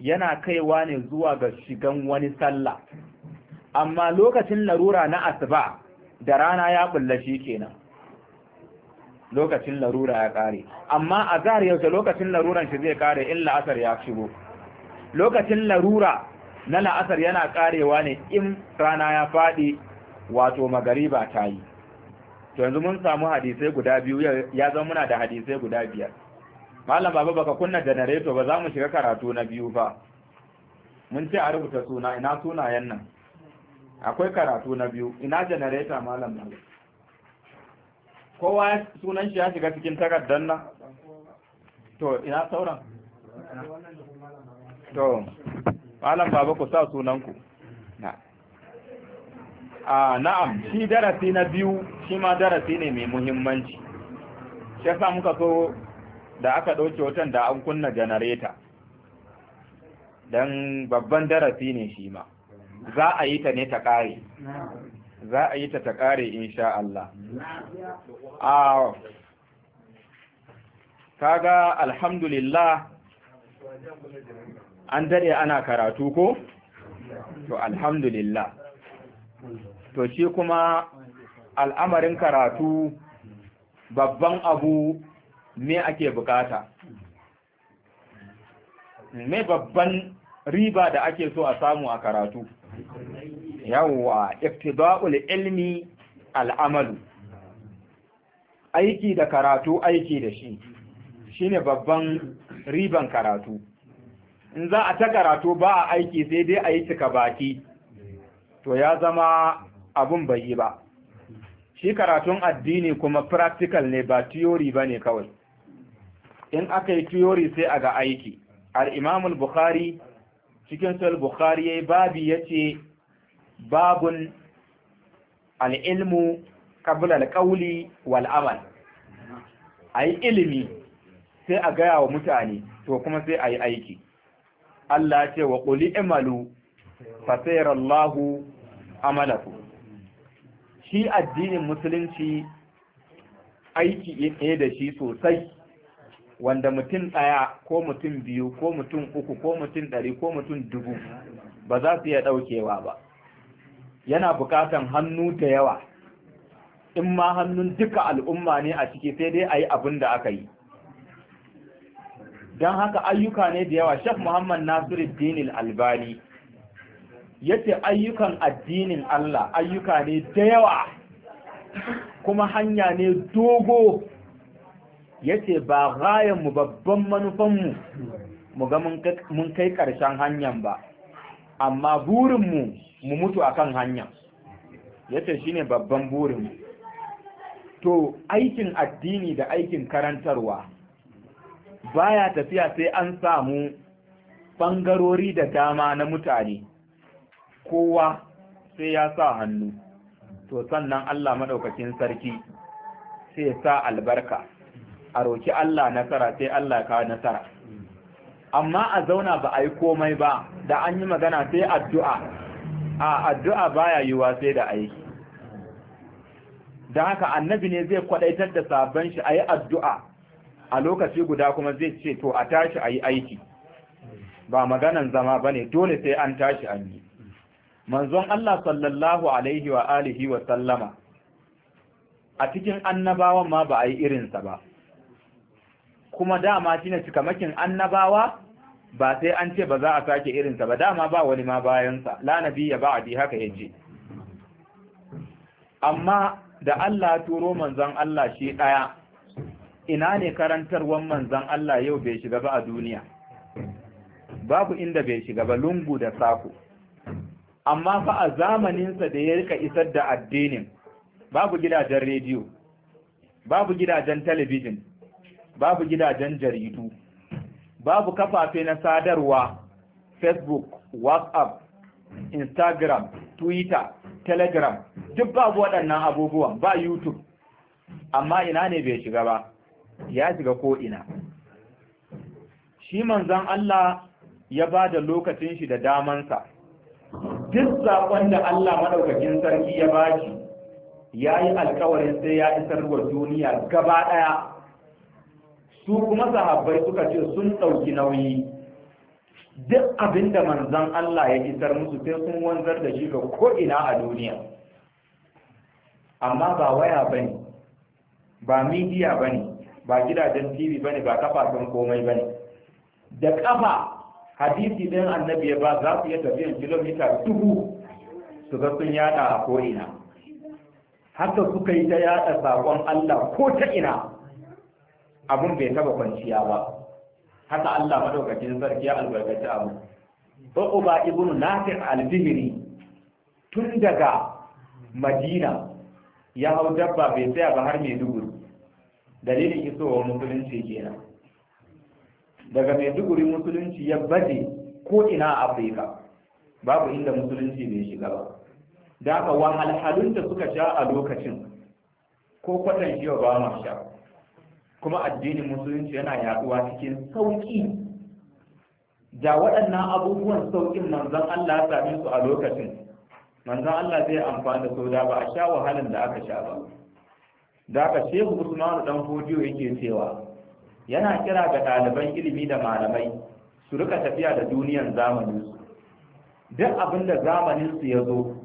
yana kaiwa ne zuwa ga shigan wani sallah amma lokacin larura na asuba da rana ya bulla shi kenan lokacin larura ya kare amma a zahar yaushe lokacin laruran shi zai kare illa asar ya shigo lokacin larura na la'asar yana karewa ne in rana ya faɗi wato magariba ta yi to yanzu mun samu hadisai guda biyu ya zama muna da hadisai guda biyar malam baba baka kunna janareto ba za mu shiga karatu na biyu ba mun ce a rubuta suna ina sunayen nan akwai karatu na biyu ina janareta malam baba kowa sunan shi ya shiga cikin takardar nan to ina sauran to malam baba ku sa sunanku na a na'am shi darasi na biyu shi ma darasi ne mai muhimmanci shi yasa muka so da aka ɗauke wutan da an kunna janareta Dan babban darasi ne shi ma za a yi ta ne ta ƙare za a yi ta ta ƙare insha Allah a kaga alhamdulillah an daɗe ana karatu ko to alhamdulillah to shi kuma al'amarin karatu babban abu me ake bukata me babban riba da ake so a samu a karatu yawwa iftida'ul ilmi al'amalu aiki da karatu aiki da shi shine babban riban karatu in za a ta karatu ba a aiki sai dai a yi cika baki to ya zama abun bai ba shi karatun addini kuma practical ne ba theory ba ne kawai in aka yi theory sai a ga aiki al al'imamul bukhari cikin sal bukhari ya yi babi ya ce babun al'ilmu kabla alƙauli wal'amal a yi ilimi sai a gaya wa mutane to kuma sai a yi aiki Allah ya ce wa quli imalu fa amalaku. shi addinin musulunci aiki ne da shi sosai wanda mutum ɗaya ko mutum biyu ko mutum uku ko mutum ɗari ko mutum dubu ba za su iya ɗaukewa ba yana bukatan hannu da yawa in ma hannun duka al'umma ne a ciki sai dai a yi abin da aka yi don haka ayyuka ne da yawa Sheikh muhammad nasiruddin albani yace ayyukan addinin Allah ayyuka ne da yawa kuma hanya ne dogo yace ba gayan mu babban manufan mu ga mun kai ƙarshen hanyar ba amma burinmu mu mutu akan hanya yace shine babban burinmu to aikin addini da aikin karantarwa baya tafiya sai an samu bangarori da dama na mutane kowa sai ya sa hannu to sannan Allah madaukakin sarki sai sa albarka a roki Allah nasara sai Allah ka nasara amma a zauna ba a yi komai ba da an yi magana sai addu'a a addu'a baya yiwa sai da aiki da haka annabi ne zai kwadaitar da sabon shi a yi addu'a a lokaci guda kuma zai ce to a tashi a yi aiki ba maganan zama ba ne dole sai an tashi an yi manzon Allah sallallahu alaihi wa alihi wa sallama a cikin annabawan ma ba a yi irinsa ba kuma dama shi ne cikamakin annabawa ba sai an ce ba za a sake irinsa ba dama ba wani ma bayansa Lanabi ya ba a abi haka ya yace amma da Allah turo manzon Allah shi ɗaya. ina ne karantarwan manzan Allah yau bai shiga ba a duniya babu inda bai shiga ba lungu da sako amma fa a zamaninsa da ya rika isar da addinin babu gidajen rediyo babu gidajen talabijin babu gidajen jaridu babu kafafe na sadarwa facebook whatsapp instagram twitter telegram duk babu waɗannan abubuwan ba youtube amma ina ne bai shiga ba ya shiga ko'ina. shi manzon Allah ya ba da lokacin shi da sa. duk saƙon da Allah maɗaukakin sarki ya ba shi ya yi alkawarin sai ya isar wa duniya gaba ɗaya su kuma sahabbai suka ce sun ɗauki nauyi duk abin da manzan Allah ya isar musu sai sun wanzar da shi ga ko'ina a duniya amma ba waya ba ne ba midiya ba ne ba gidajen tv bane ba kafafen komai bane da ƙafa hadisi ɗin annabi ya ba za su iya tafiyan kilomita dubu su ga sun yada a ko'ina haka suka yi ta yada saƙon allah ko ta ina abun bai taba kwanciya ba haka allah madaukakin sarki ya albarkaci abu ba ibnu nasir al-fihri tun daga madina ya hau dabba bai tsaya ba har mai dubu dalilin isowar musulunci kenan daga maiduguri musulunci ya baje ko ina a afirka babu inda musulunci bai shiga ba da haka wahalhalun da suka sha a lokacin ko kwatan shi ba ma sha kuma addinin musulunci yana yaduwa cikin sauki da waɗannan abubuwan saukin manzan Allah ya same su a lokacin manzon Allah zai amfani da sauda ba a sha wahalin da aka sha ba da ka shehu usmanu dan fodiyo yake cewa yana kira ga ɗaliban ilimi da malamai su rika tafiya da duniyan su. duk abin da su ya zo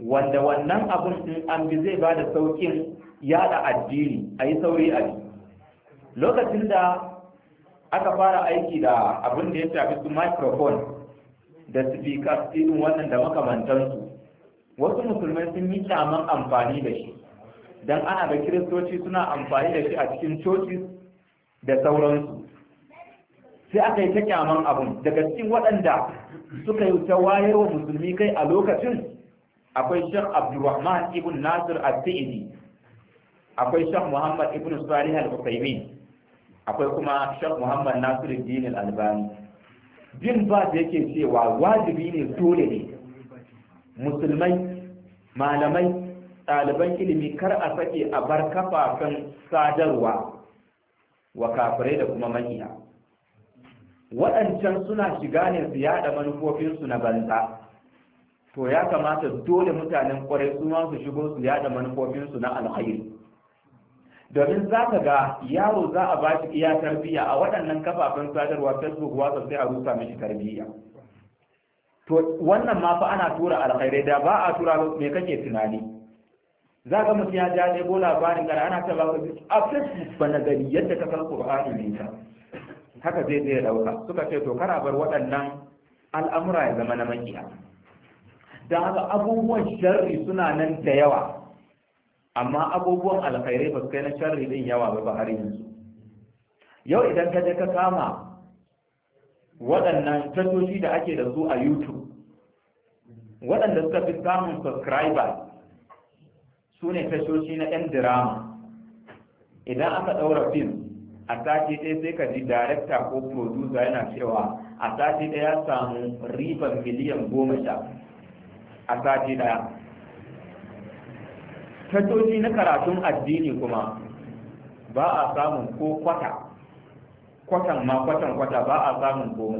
wanda wannan abin in an bi zai ba da sauƙin yada addini a yi sauri a lokacin da aka fara aiki da abin da ya tafi su microphone da speaker din wannan da makamantansu wasu musulmai sun yi kyaman amfani da shi don ana da kiristoci suna amfani da shi a cikin coci da sauransu sai aka yi ta kyaman abun daga cikin waɗanda suka yi ta wa musulmi kai a lokacin akwai shek abdulrahman ibn nasir al-sa'idi akwai shek muhammad ibn salih al-usaimin akwai kuma shek muhammad nasir din al-albani bin ba yake cewa wajibi ne dole ne musulmai malamai ɗaliban ilimi kar a sake a bar kafafen sadarwa wa kafirai da kuma manya. waɗancan suna shiga ne su yaɗa manufofinsu na banza to ya kamata dole mutanen ƙwarai su su shigo su yaɗa manufofinsu na alkhairi domin za ka ga yaro za a ba iya tarbiyya a waɗannan kafafen sadarwa facebook whatsapp sai a rusa mishi tarbiyya to wannan ma fa ana tura alkhairai da ba a tura me kake tunani za ka mutu ya ja labarin gara ana ta baka a facebook ba na gari yadda ka san qur'ani ne ta haka zai zai dauka suka ce to kar a bar waɗannan al'amura ya zama na makiya Da haka abubuwan sharri suna nan da yawa amma abubuwan alkhairai ba su kai na sharri din yawa ba ba har yanzu yau idan ka je ka kama waɗannan tattoci da ake da su a youtube waɗanda suka fi samun subscribers su ne tashoshi na 'yan dirama idan aka ɗaura fim a sati ɗaya sai ka ji darekta ko producer yana cewa a sati ɗaya ya samu ribar miliyan goma sha a sati ɗaya tashoshi na karatun addini kuma ba a samun ko kwata kwatan ma kwatan kwata ba a samun goma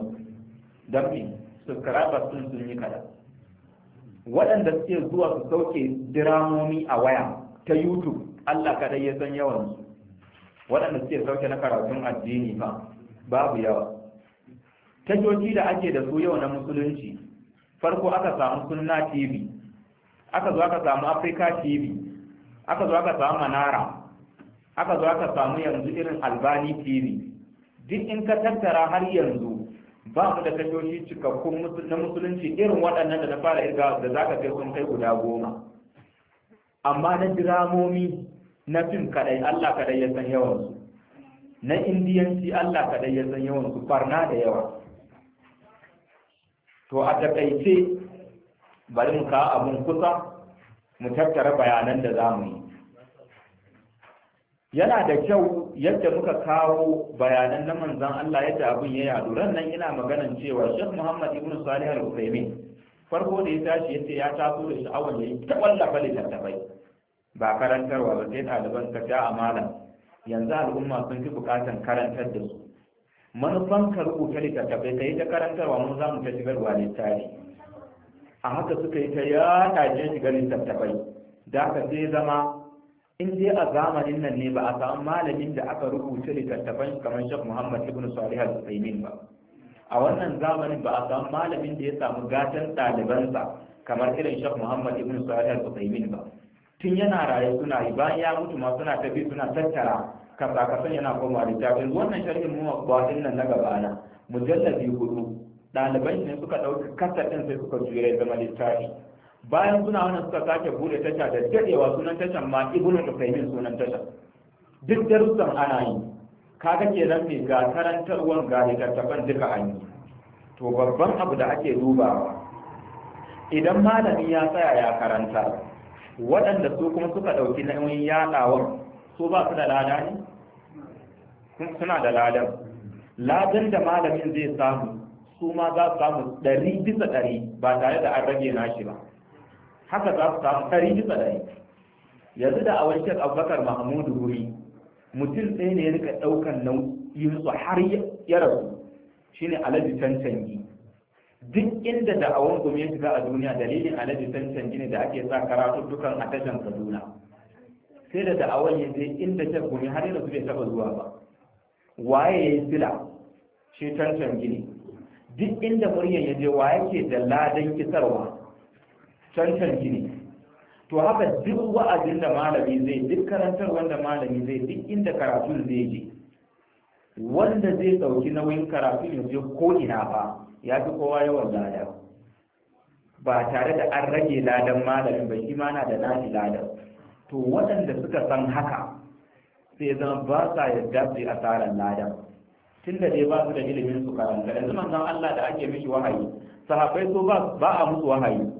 don me subscribers sun sun yi kada. waɗanda suke zuwa su sauke diramomi a waya ta youtube allah kadai ya san yawan waɗanda suke sauke na karatun addini ba, babu yawa tashoshi da ake da su yau na musulunci farko aka samu sunna tv aka zo aka samu africa tv aka zo aka samu manara aka zo aka samu yanzu irin albani tv duk in ka tattara har yanzu ba mu da tashoshi cikakkun na musulunci irin waɗannan da na fara irga da za ka sun kai guda goma amma na diramomi na fim kaɗai, Allah kadai ya san yawansu na indiyanci Allah kadai ya san yawansu farna da yawa to a takaice bari mu kawo abun kusa mu tattara bayanan da za mu yi yana da kyau yadda muka kawo bayanan na manzan Allah yadda abin ya yadu ran nan ina maganan cewa Sheikh Muhammad Ibn Salih Al-Uthaymeen farko da ya tashi yace ya taso da sha'awar yayi ta wallafa littattafai ba karantarwa ba sai ɗaliban ka ta amana yanzu al'umma sun fi buƙatar karantar da su manufan ka rubuta littattafai ka yi ta karantarwa mun za mu ta shigarwa littafi a haka suka yi ta ta je shigar littattafai da ka sai zama in dai a zamanin nan ne ba a samu malamin da aka rubuta littattafan kamar Sheikh Muhammad Ibn Salih Al-Utsaimin ba a wannan zamanin ba a samu malamin da ya samu gatan ɗalibansa kamar irin Sheikh Muhammad Ibn Salih Al-Utsaimin ba tun yana raye suna yi bayan ya mutu ma suna tafi suna tattara kasakasan yana koma littafin wannan sharhin mu ba nan na gabana mujallabi hudu ɗaliban ne suka ɗauki kasa ɗin sai suka jure zama littafi bayan suna wannan suka sake bude tasha da dadewa sunan tashan ma ibnu tufaimin sunan tasha duk darussan ana yi kaga kenan me ga karantarwar ga littattafan duka an yi to babban abu da ake dubawa idan malami ya tsaya ya karanta waɗanda su kuma suka ɗauki nauyin yaɗawar su ba su da lada ne suna da ladan ladan da malamin zai samu su ma za su samu ɗari bisa ɗari ba tare da an rage nashi ba haka za su samu kari bisa da yanzu da awar shek abubakar mahamudu wuri mutum ɗaya ne ya rika ɗaukan nauyin su har ya rasu shine alaji cancangi duk inda da awon gumi ya shiga a duniya dalilin alhaji cancangi ne da ake sa dukan a tashan kaduna sai da da'awar ya je inda shek gumi har ya rasu bai taɓa zuwa ba waye ya yi sila shi cancangi ne duk inda muryar ya je wa ke da ladan kisarwa cancanci ne to haka duk wa'azin da malami zai duk karantar wanda malami zai duk inda karatun zai je wanda zai sauki nauyin karatun yanzu ko ina ba ya fi kowa yawan lada ba tare da an rage ladan malamin ba shi ma na da nashi ladan to waɗanda suka san haka sai zama ba sa yarda su yi asarar ladan tun da dai ba su da ilimin su karanta yanzu manzon Allah da ake mishi wahayi sahabbai so ba a musu wahayi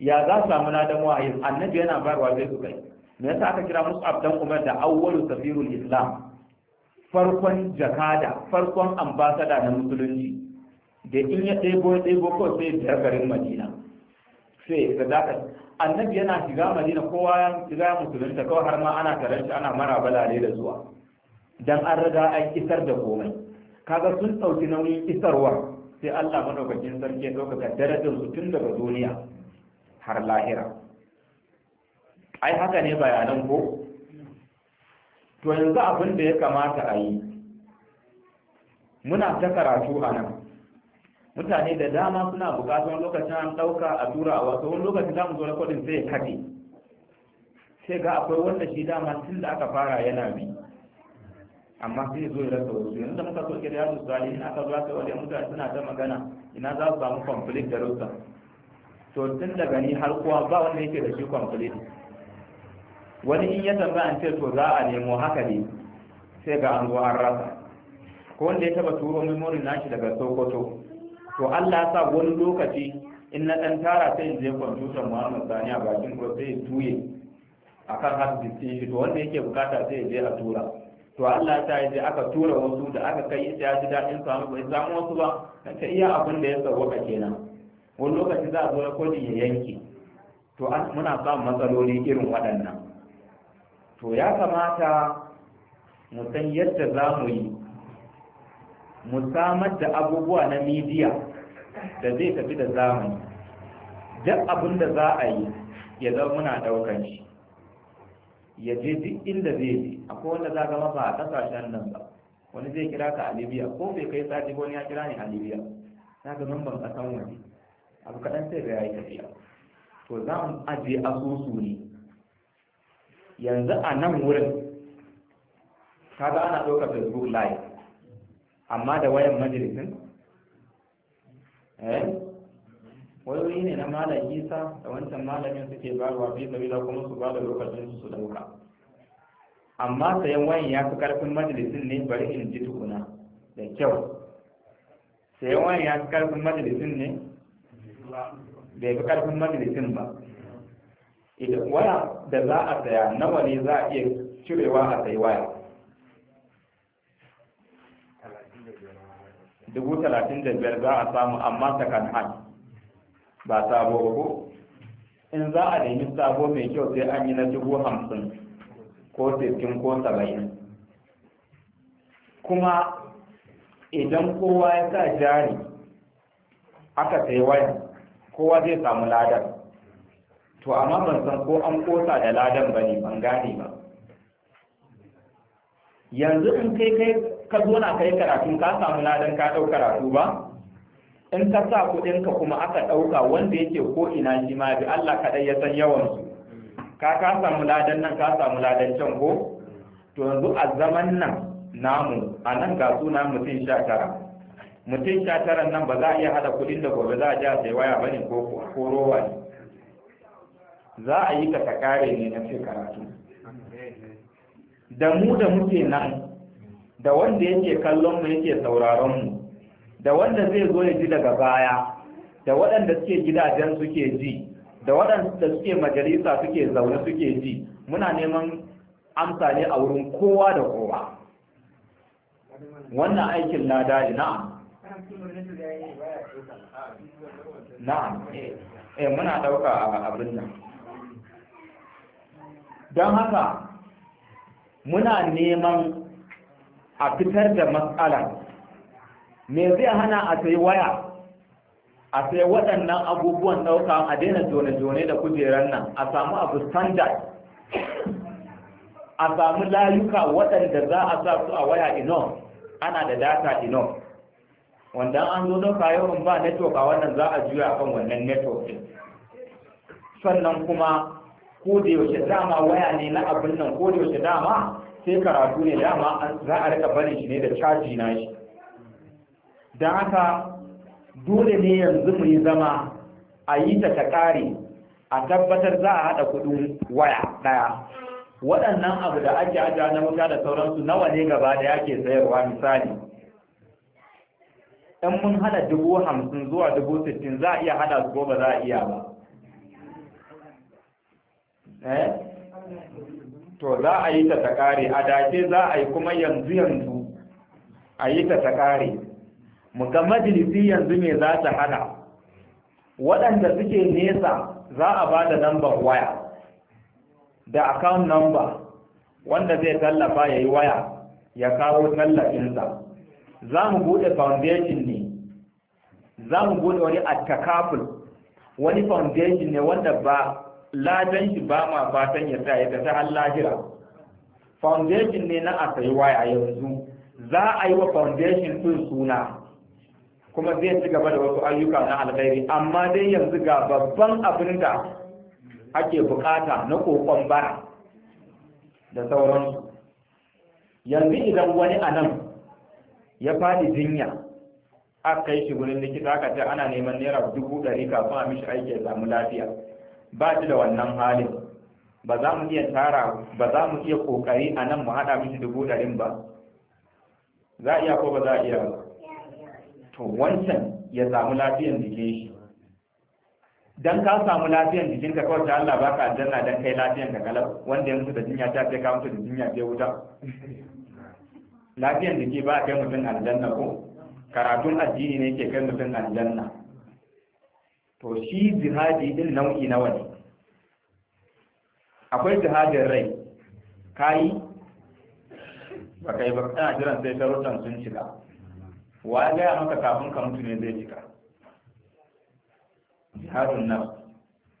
ya za su samu a wahayin annabi yana bayarwa zai su kai me yasa aka kira mus'ab dan umar da awwalu safirul islam farkon jakada farkon ambasada na musulunci da in ya ɗebo ya ɗebo ko sai ya garin madina sai ga zaka annabi yana shiga madina kowa ya shiga musulunta kawai har ma ana taron shi ana mara balale da zuwa dan an riga an isar da komai kaga sun ɗauki nauyin isarwa sai Allah madaukakin sarki ya ɗaukaka darajar su tun daga duniya har lahira ai haka ne bayanan ko to yanzu abin da ya kamata a yi muna ta karatu a nan mutane da dama suna bukatar lokacin an ɗauka a tura a wasu wani lokacin za mu zo rekodin sai ya kaɗe sai ga akwai wanda shi dama tun da aka fara yana bi amma sai zo ya rasa wasu yanzu da muka soke da yasu tsari ina aka zo aka wajen mutane suna ta magana ina za su samu konflikt da rusa to tun daga ni har kowa ba wanda yake da shi complete wani in ya tambaya an ce to za a nemo haka ne sai ga an an rasa ko wanda ya taba turo memory nashi daga sokoto to Allah ya sa wani lokaci in na dan tara sai in je kwamfutar Muhammad Sani a bakin ko sai tuye akan hard disk shi to wanda yake bukata sai ya je a tura to Allah ya sa ya je aka tura wasu da aka kai sai ya ji dadin samu bai samu wasu ba kan ta iya abin da ya sauka kenan wani lokaci za a zo rikodin ya yanke to muna samun matsaloli irin waɗannan to ya kamata mu san yadda za mu yi mu samar da abubuwa na midiya da zai tafi da zamani duk abin da za a yi ya zama muna ɗaukar shi ya je duk inda zai je akwai wanda za ka mafa a kasashen nan ba wani zai kira ka a libya ko bai kai sati wani ya kira ni a libya za ka ban kasan waje abu kaɗan sai da ya yi tafiya to za mu ajiye asusu ne yanzu a nan wurin Ta za ana ɗaukar facebook live amma da wayan majalisun eh wayoyi ne na malam isa da wancan malamin suke ba wa fi sabila kuma su ba da lokacin su dauka amma sayan wayan ya fi karfin majalisun ne bari in ji tukuna da kyau sayan wayan ya fi karfin majalisun ne bai fi karfin majalisin ba waya da za a saya nawa ne za a iya cirewa a sai waya dubu talatin da biyar za a samu amma takan hand ba sabo ko in za a nemi sabo mai kyau sai an yi na dubu hamsin ko sittin ko saba'in kuma idan kowa ya sa jari aka sai waya kowa zai samu ladan to amma ban san ko an kosa da ladan ba ne ban gane ba yanzu in kai kai ka zo na kai karatu ka samu ladan ka ɗau karatu ba in ka sa kuɗinka kuma aka ɗauka wanda yake ko ina shi ma bi Allah kaɗai ya san yawansu ka ka samu ladan nan ka samu ladan can ko to yanzu a zaman nan namu a nan ga suna mutum sha tara mutum sha taran nan ba za a iya hada kudin da gobe za a ja sai waya bane ko ko rowa ne za a yi ta kare ne na ce karatu da mu da muke nan da wanda yake kallon mu yake sauraron mu da wanda zai zo ya ji daga baya da waɗanda suke gidajen suke ji da waɗanda suke majalisa suke zaune suke ji muna neman amsa ne a wurin kowa da kowa wannan aikin lada na'am na'am eh, eh muna ɗauka abin nan don haka muna neman a fitar da matsala me zai hana a sai waya a sai waɗannan abubuwan ɗauka a daina jone-jone da kujerar nan a samu abu standard a samu layuka waɗanda za a sa su a waya ino ana da data ino wanda an zo kayo yawan ba network a wannan za a juya akan wannan network din sannan kuma ko da yaushe dama waya ne na abin nan ko da yaushe dama sai karatu ne dama za a rika barin shi ne da caji na shi don haka dole ne yanzu mu yi zama a yi ta ta kare a tabbatar za a haɗa kuɗin waya ɗaya waɗannan abu da ake ajiya na wuta da sauransu nawa ne gaba da yake sayarwa misali in mun hana dubu hamsin zuwa dubu sittin za a iya hada su ko ba za a iya ba eh to za a yi ta ta kare a dace za a yi kuma yanzu yanzu a yi ta ta kare mu ga majalisi yanzu me za ta hana waɗanda suke nesa za a ba da lambar waya da account number wanda zai tallafa ya yi waya ya kawo tallafinsa za mu buɗe foundation ne za mu buɗe wani attakaful wani foundation ne wanda ba shi ba ma fatan ya sa ya ta har lahira foundation ne na asayi waya a yanzu za a yi wa foundation ɗin suna kuma zai ci gaba da wasu ayyuka na alkhairi amma dai yanzu ga babban abin da ake bukata na kokon bara da sauransu yanzu idan wani a nan ya faɗi jinya a kai shi wurin likita aka ce ana neman naira dubu ɗari kafin a mishi aiki ya samu lafiya ba shi da wannan halin ba za mu iya tara ba za mu iya kokari a nan mu haɗa mishi dubu ɗarin ba za a iya ko ba za a iya ba to wancan ya samu lafiyan jikin shi dan ka samu lafiyan jikin ka kawai ta Allah baka aljanna dan kai lafiyan ka kalab wanda ya mutu da jinya ta sai ka mutu da jinya sai wuta lafiyan jiki ba a kai mutum aljanna ko karatun addini ne ke kai mutum aljanna to shi jihadi din nau'i nawa ne akwai jihadin rai kayi ba kai ba kana jiran sai sharuɗan sun shiga wa ya maka kafin ka mutu ne zai shiga jihadun nan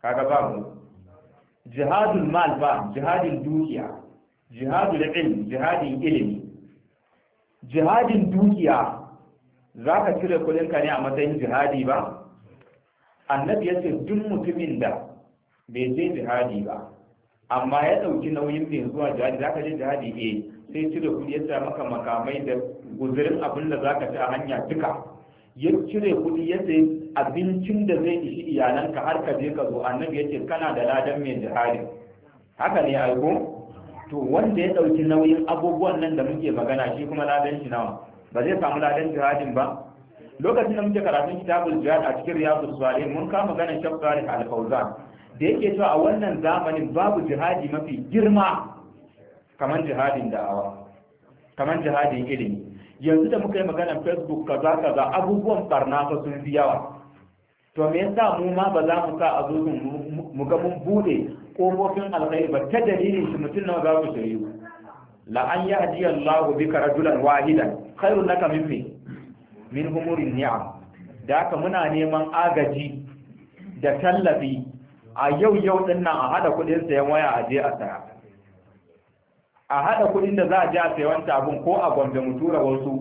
kaga ba mu jihadul mal ba jihadin dukiya jihadul ilm jihadin ilmi jihadin dukiya za ka cire kudinka ne a matsayin jihadi ba annabi ya ce duk mutumin da bai je jihadi ba amma ya ɗauki nauyin mai zuwa jihadi za ka je jihadi ne sai cire kudi ya sa maka makamai da guzurin abin da za ka ci a hanya duka ya cire kudi ya sai abincin da zai ishi iyalanka har ka je ka zo annabi ya ce kana da ladan mai jihadi haka ne aiko to wanda ya ɗauki nauyin abubuwan nan da muke magana shi kuma ladan shi nawa ba zai samu ladan jihadin ba lokacin da muke karatun kitabul jihad a cikin riyadus salihin mun kama magana shi salih al fauzan da yake cewa a wannan zamanin babu jihadi mafi girma kamar jihadin da'awa kamar jihadin ilimi yanzu da muka yi magana facebook kaza kaza abubuwan barna fa sun fi yawa to me yasa mu ma ba za mu sa a mu ga mun bude kofofin alkhairi ba ta dalilin su mutum nawa za ku shiryu la an yahdi Allah bika rajulan khairun laka mimmi min humurin ni'am da haka muna neman agaji da tallafi a yau yau din nan a hada kudin sayan waya a je a saya a hada kudin da za a je a sayi wani abun ko a gombe mu tura wasu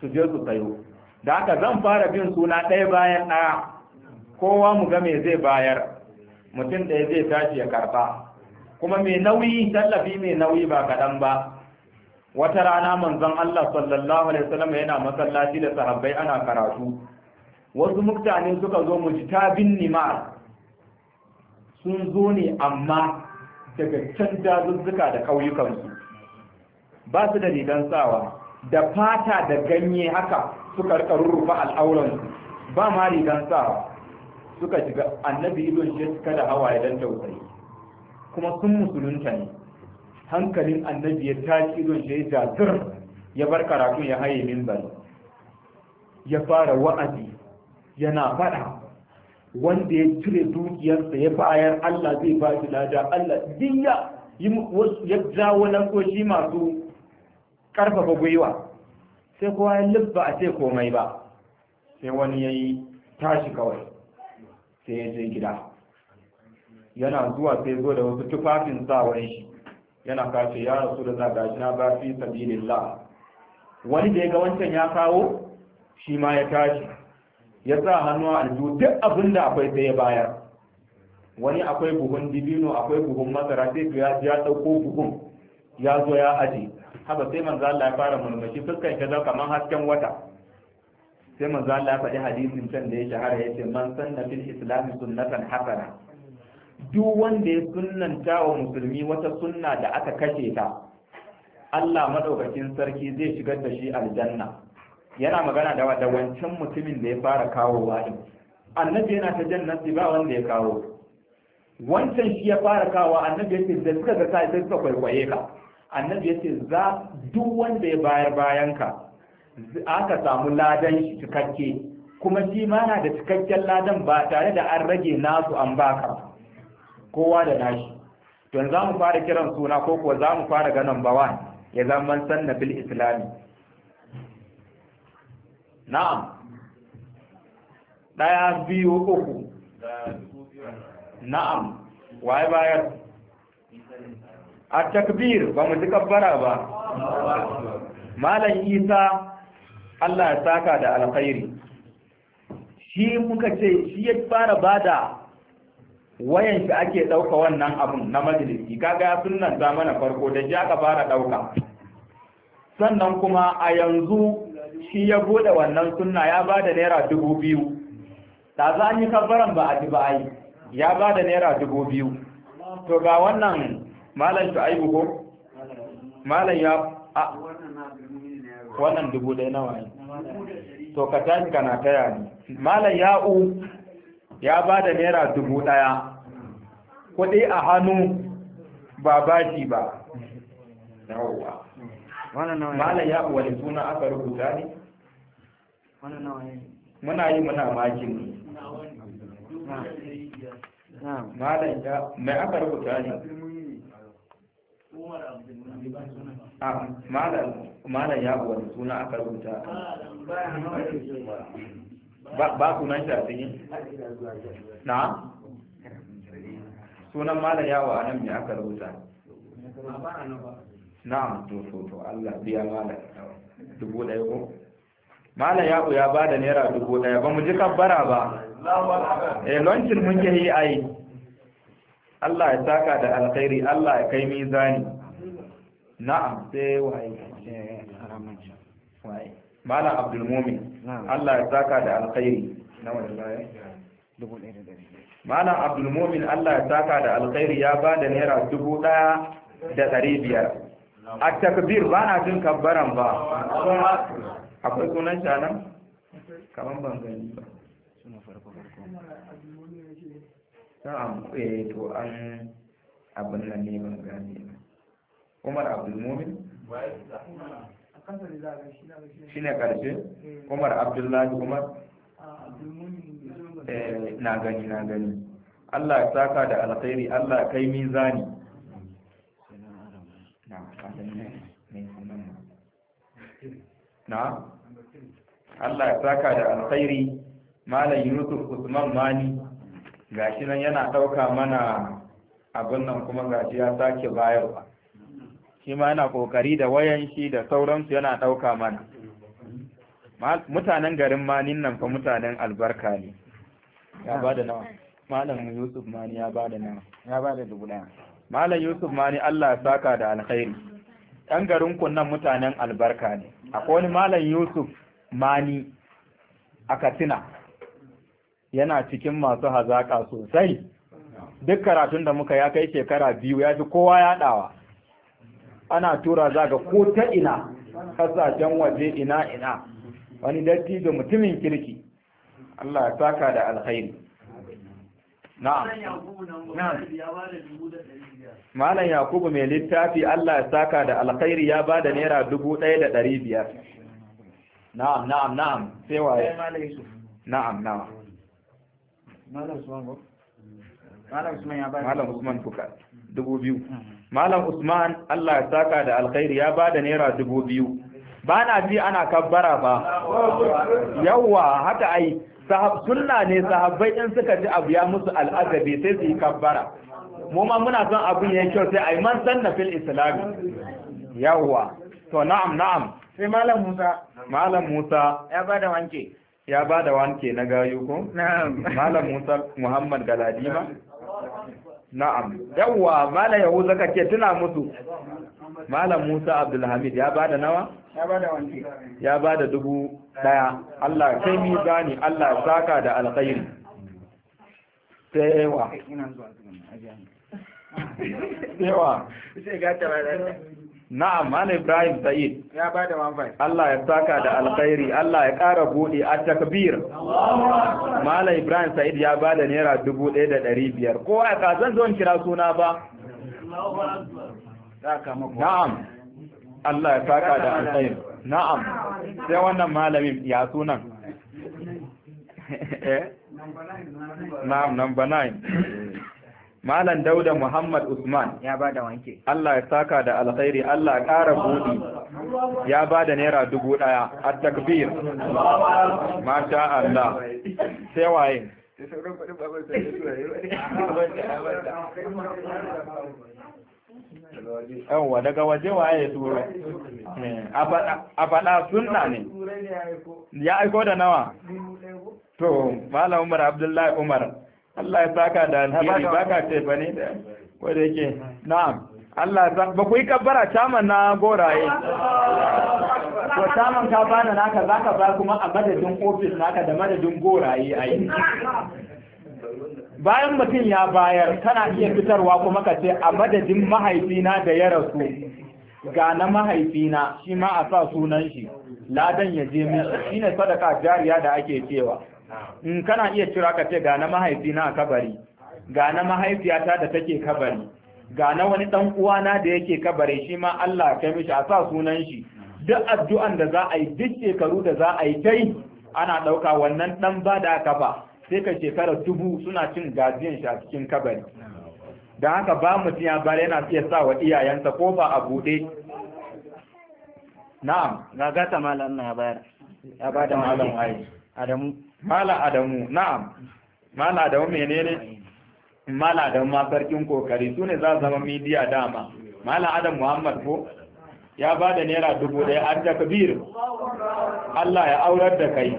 su je su sayo da haka zan fara bin suna ɗaya bayan ɗaya kowa mu ga me zai bayar mutum da zai tashi ya karba kuma mai nauyi tallafi mai nauyi ba kaɗan ba wata rana manzon Allah sallallahu alaihi wasallam yana masallaci da sahabbai ana karatu wasu mutane suka zo mu tabin nimar sun zo ne amma daga can dazuzzuka da su. ba su da rigan sawa da fata da ganye haka suka rika rurrufa al'auransu ba ma rigan sawa suka shiga annabi idon shi suka da hawaye dan tausayi kuma sun musulunta ne hankalin annabi ya tashi idon shi ya ya bar karatun ya haye minbar ya fara wa'azi yana fada wanda ya cire dukiyarsa ya bayar Allah zai ba shi lada Allah diya ya jawo lankoshi masu karfafa gwiwa sai kowa ya lubba a ce komai ba sai wani ya yi tashi kawai sai ya je gida yana zuwa sai zo da wasu tufafin sawan shi yana kace ya rasu da za gashi na ba fi sabilillah wani da ya ga wancan ya kawo shi ma ya tashi ya sa hannu a aljihu duk abin da akwai sai ya bayar wani akwai buhun dibino akwai buhun masara sai ya ya dauko buhun ya zo ya aje haka sai manzo Allah ya fara murmushi fuskar zaka kamar hasken wata sai manzo Allah faɗi hadisin can da ya shahara ya ce man sanna fil islam sunnatan hasana duk wanda ya sunnanta wa musulmi wata sunna da aka kashe ta Allah madaukakin sarki zai shigar da shi aljanna yana magana da da wancan mutumin da ya fara kawo wa'i annabi yana ta jannati ba wanda ya kawo wancan shi ya fara kawo annabi yace da suka ga sai suka kwaikwaye ka annabi yace za duk wanda ya bayar bayan ka aka samu ladan shi cikakke kuma shi ma na da cikakken ladan ba tare da an rage nasu an baka kowa da nashi to za mu fara kiran suna ko kuwa za mu fara ganin bawa ya zama sanna bil islami na'am Ɗaya biyu uku na'am waye bayar a takbir ba mu ji kabbara ba malam isa Allah ya saka da alkhairi shi muka ce shi ya fara bada wayan shi ake ɗauka wannan abun na majalisi kaga ya sunan zamana farko da shi aka fara ɗauka sannan kuma a yanzu shi ya bude wannan sunna ya ba da naira dubu biyu da za ni kabaran ba a ji ba ai ya ba da naira dubu biyu to ga wannan malam shu'aibu ko malam ya wannan dubu ɗaya nawa ne to ka tashi kana taya ni malam ya'u ya ba da naira dubu ɗaya kuɗi a hannu ba bashi ba yawwa malam ya'u wani suna aka rubuta ne muna yi muna makin ne malam ya mai aka rubuta ne ah, malam malam ya abu wani suna aka rubuta ah, ba sunan shi a cikin na sunan malam ya a nan me aka rubuta Na, to to to Allah biya malam dubu ɗaya ko malam yawo ya ba da naira dubu ɗaya ba mu ji kabbara ba eh lancin mun ke yi ayi. Allah ya saka da alkhairi Allah ya kai mizani na'am sai waye eh, malam abdulmumin allah ya saka da alkhairi malam abdulmumin allah ya saka da alkhairi ya ba da naira dubu ɗaya da ɗari biyar a takbir ba na jin kabbaran ba akwai sunan shi nan kamar ban gani ba suna farko farko sa'an eh to an abin nan ne ban gani ba umar abdulmumin shi ne eh. umar abdullahi umar eh, na gani na gani allah ya saka da alkhairi allah kai mizani na allah ya saka da alkhairi malam yusuf usman mani gashi nan yana ɗauka mana abin nan kuma gashi ya sake bayarwa shi ma yana kokari da wayan shi da sauransu yana ɗauka mana mutanen garin manin nan fa mutanen albarka ne ya ah. ba da nawa malam yusuf mani ya ba da nawa ya ba da dubu ɗaya malam yusuf mani allah saka da alkhairi ɗan garin kunnan mutanen albarka ne akwai wani malam yusuf mani a katsina yana cikin masu hazaƙa sosai duk karatun da muka ya kai shekara biyu ya fi kowa ya ɗawa. ana tura za ga ko ta ina kasashen waje ina ina wani datti da mutumin kirki Allah ya saka da alkhairi na'am malam yakubu mai littafi Allah ya saka da alkhairi ya bada naira dubu ɗaya da ɗari biyar na'am na'am na'am sai waye na'am na'am malam malam usman kuka dubu biyu hmm. malam usman allah ya saka da alkhairi ya ba da naira dubu biyu ba na ji ana kabbara ba yawwa haka ai sahab sunna ne sahabbai in suka ji abu ya musu al'adabi sai su yi kabbara mu ma muna son abin yi kyau sai ai man sanna fil islami yawwa to na'am na'am sai malam Musa malam Musa ya da wanke ya da wanke na gayu ko na'am malam Musa Muhammad Galadima na'am yawwa mala yahu zaka ke tuna musu malam musa abdulhamid ya bada nawa ya bada dubu daya allah kai mi gani allah zaka da alkhairi sai yawa sai yawa Na'am, Malam Ibrahim Sa'id. Ya ba da Allah ya saka da alkhairi, Allah ya ƙara buɗe a takbir. Malam Ibrahim Sa'id ya ba da naira dubu ɗaya da ɗari biyar. Kowa ya kasan zon kira suna ba. Na'am, Allah ya saka da alkhairi. Na'am, sai wannan malamin ya sunan. Eh? Na'am, number nine. Malam Dauda Muhammad Usman ya bada wanke. Allah ya saka da alkhairi, Allah ya ƙara buɗi. Ya bada naira dubu ɗaya a takbir. Mata Allah. Sai waye. Yawwa daga waje waye ya turo. A faɗa sunna ne. Ya aiko da nawa? To, Malam Umar Abdullahi Umar. Allah ya saka da alheri baka ce da ko da yake na'am Allah ya ba ku yi kabbara taman na goraye to taman ka bani naka zaka ba kuma a madadin ofis naka da madadin goraye a yi bayan mutum ya bayar kana iya fitarwa kuma ka ce a madadin mahaifina da ya rasu ga na mahaifina shi ma a sa sunan shi ladan ya je min shine sadaka jariya da ake cewa in kana iya cira ka ce ga na mahaifi a kabari ga na mahaifiyata da take kabari ga na wani dan uwana da yake kabari shi ma Allah ya mishi a sa sunan shi duk addu'an da za a yi duk shekaru da za a yi tai ana ɗauka wannan dan ba da aka ba sai ka shekara dubu suna cin gajiyan shi a cikin kabari da haka ba mutum ya bar yana iya sa wa iyayensa ko ba a buɗe na'am ga gata malam na bayar ya ba da malam ai adamu mala adamu na'am mala adamu menene mala adamu ma sarkin kokari sune za zama midiya dama mala adam muhammad ko ya ba da naira dubu ɗaya an da kabir Allah ya aurar da kai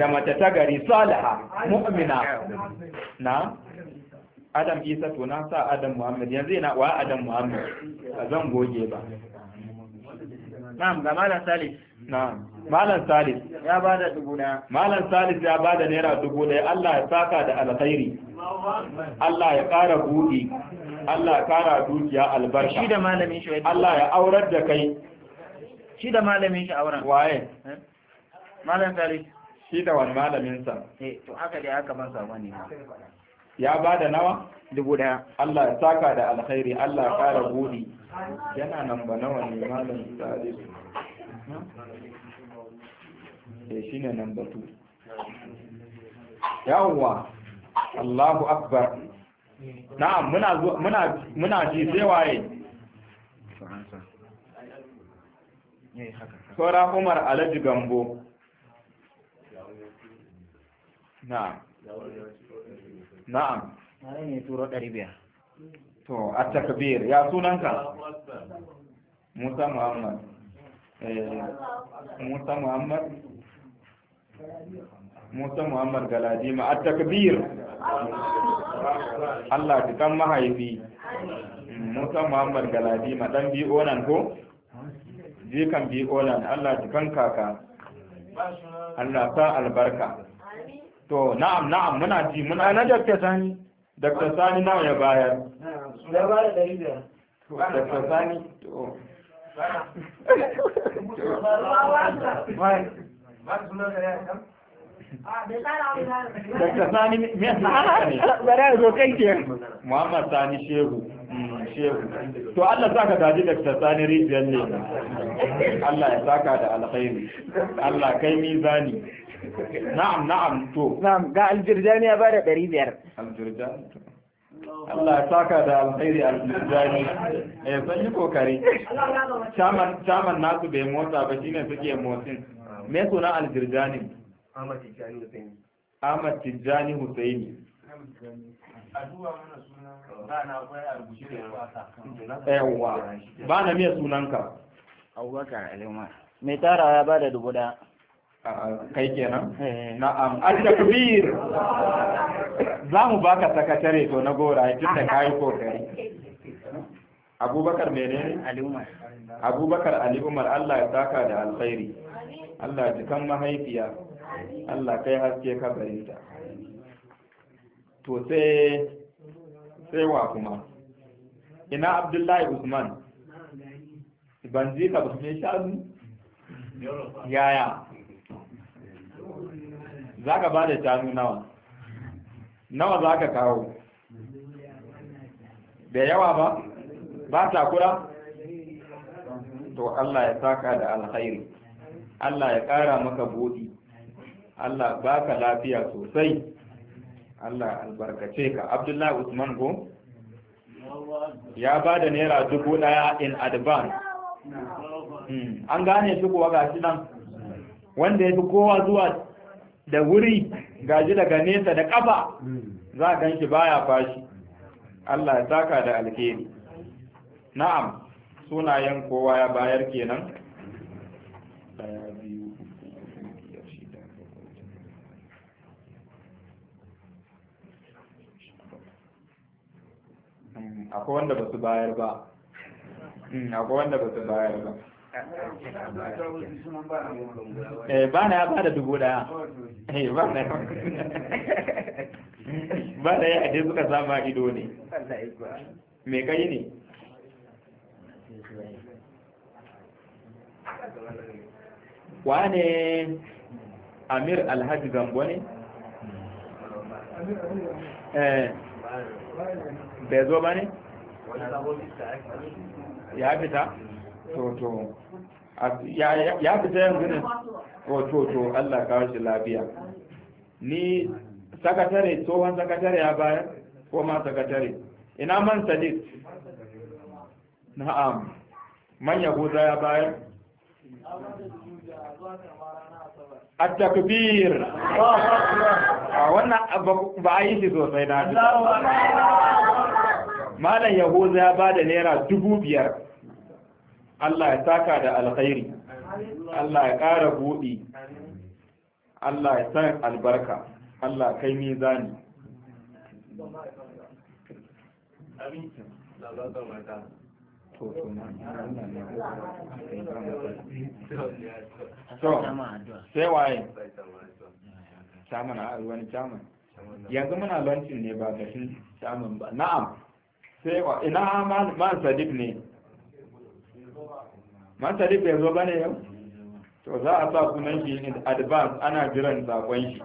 da mace ta gari salaha mu'mina na adam isa to na sa adam muhammad yanzu yana wa adam muhammad ba zan goge ba na'am ga mala salih na'am malam salis ya bada dubu ɗaya. malam salis ya bada naira dubu ɗaya. Allah ya saka da alkhairi Allah ya ƙara buɗi Allah ya ƙara dukiya albarka shi da malamin shi Allah ya aurar da kai shi da malamin shi auren waye eh? malam salis shi da wani malamin sa eh to haka dai haka ban samu ne ya bada nawa dubu ɗaya. Allah ya saka da alkhairi Allah ya ƙara buɗi yana nan ba nawa ne malam salis eh shine nan batu yawwa Allahu akbar na'am muna muna muna ji sai waye Sora eh, Umar Alhaji Gambo. Na'am. Na'am. ne turo ɗari biyar. To, a takbir, ya sunanka? Musa Muhammad. Eh, Musa Muhammad. Musa Muhammad Galadima a takbir Allah ki kan mahaifi Musa Muhammad Galadima dan bi onan ko je kan bi onan Allah ki kan kaka Allah ta albarka to na'am na'am muna ji muna na Dr. Sani Dr. Sani nawa ya bayar ya bayar da riba Dr. Sani to Muhammad Sani Shehu. Shehu. To Allah saka daji da Sani Rijiyar ne. Allah ya saka da alkhairi. Allah kai mizani. Na'am na'am to. Na'am ga aljirjani ya bada ɗari biyar. Aljirjani. Allah ya saka da alkhairi aljirjani. Eh sun yi kokari. Chaman nasu bai motsa ba shine suke motsin. me suna algirganin ahmad tijjani husaini yawwa ba na miya sunanka abubakar alimar mai tara ya ba da dubu da kai kenan eh. na'am al-takbir za mu baka sakatare to na gora tun da kayi kokari abubakar menene abubakar ali umar allah ya saka da alkhairi Allah kan mahaifiya Allah kai haske kabarinta to sai sai wa kuma ina Abdullahi Usman ban ji ka ba sai shanu yaya za ka ba da shanu nawa nawa za ka kawo da yawa ba ba takura to Allah ya saka da alkhairi Allah ya ƙara maka buɗi Allah baka lafiya sosai Allah albarkace ka Abdullahi Usman go ya ba da naira dubu ɗaya in advance hmm. an gane shi kuwa gashi nan wanda ya fi kowa zuwa da wuri gaji daga nesa da ƙafa za a gan shi baya fashi Allah ya saka da alheri na'am sunayen kowa ya bayar kenan Mm, akwai wanda ba su bayar ba mm, akwai wanda ba su bayar ba eh ba na ya ba da dubu daya eh ba na ba da ya ajiye suka sama ido ne me kai ne wane amir alhaji gambo ne eh bai zo ba ne? ya fita? to to ya fita yanzu ne? to to to Allah kawo shi lafiya ni sakatare tsohon sakatare ya bayar ko ma sakatare ina man sadiq na'am man yahuda ya bayar a ah, wannan ba a yi shi sosai na fi malam yahuza ya ba da naira dubu biyar Allah ya saka da alkhairi Allah ya kara buɗi Allah ya san albarka Allah kai mizani sai waye chairman a wani chairman yanzu muna lancin ne ba gashin chairman ba na'am sai wa ina man sadiq ne man sadiq bai zo ba ne yau to za a sa kunan shi in advance ana jiran sakon shi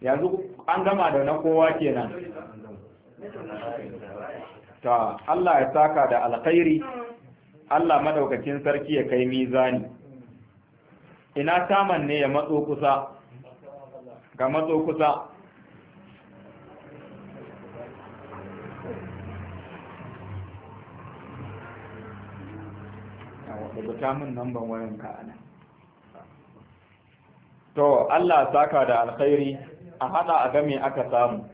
yanzu an gama da na kowa kenan ta Allah ya saka da alkhairi Allah madaukakin sarki ya kai mizani ina taman ne ya matso kusa ga matso kusa rubuta min namban wayan ka ana to Allah saka da alkhairi a hada a game aka samu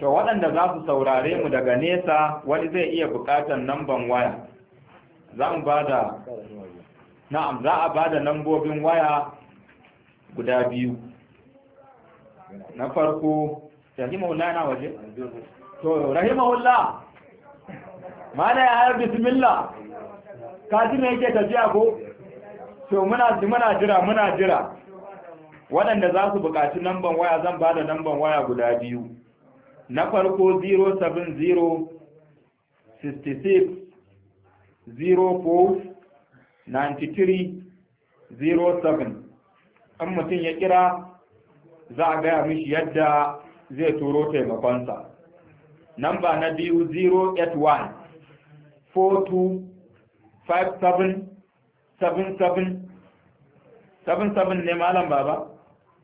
to waɗanda za su saurare mu daga nesa wani zai iya buƙatar namban waya za mu ba da na'am za a ba da nambobin waya guda biyu na farko rahimahullah na waje to rahimahullah mana ya hayar bismillah ka ji me yake tafiya ko to muna jira muna jira waɗanda za su buƙaci namban waya zan ba da namban waya guda biyu na farko 070 66 04 93 07 an mutum ya kira za a gaya mishi yadda zai turo taimakonsa namba na biyu 081 42 57 77 77 ne malam baba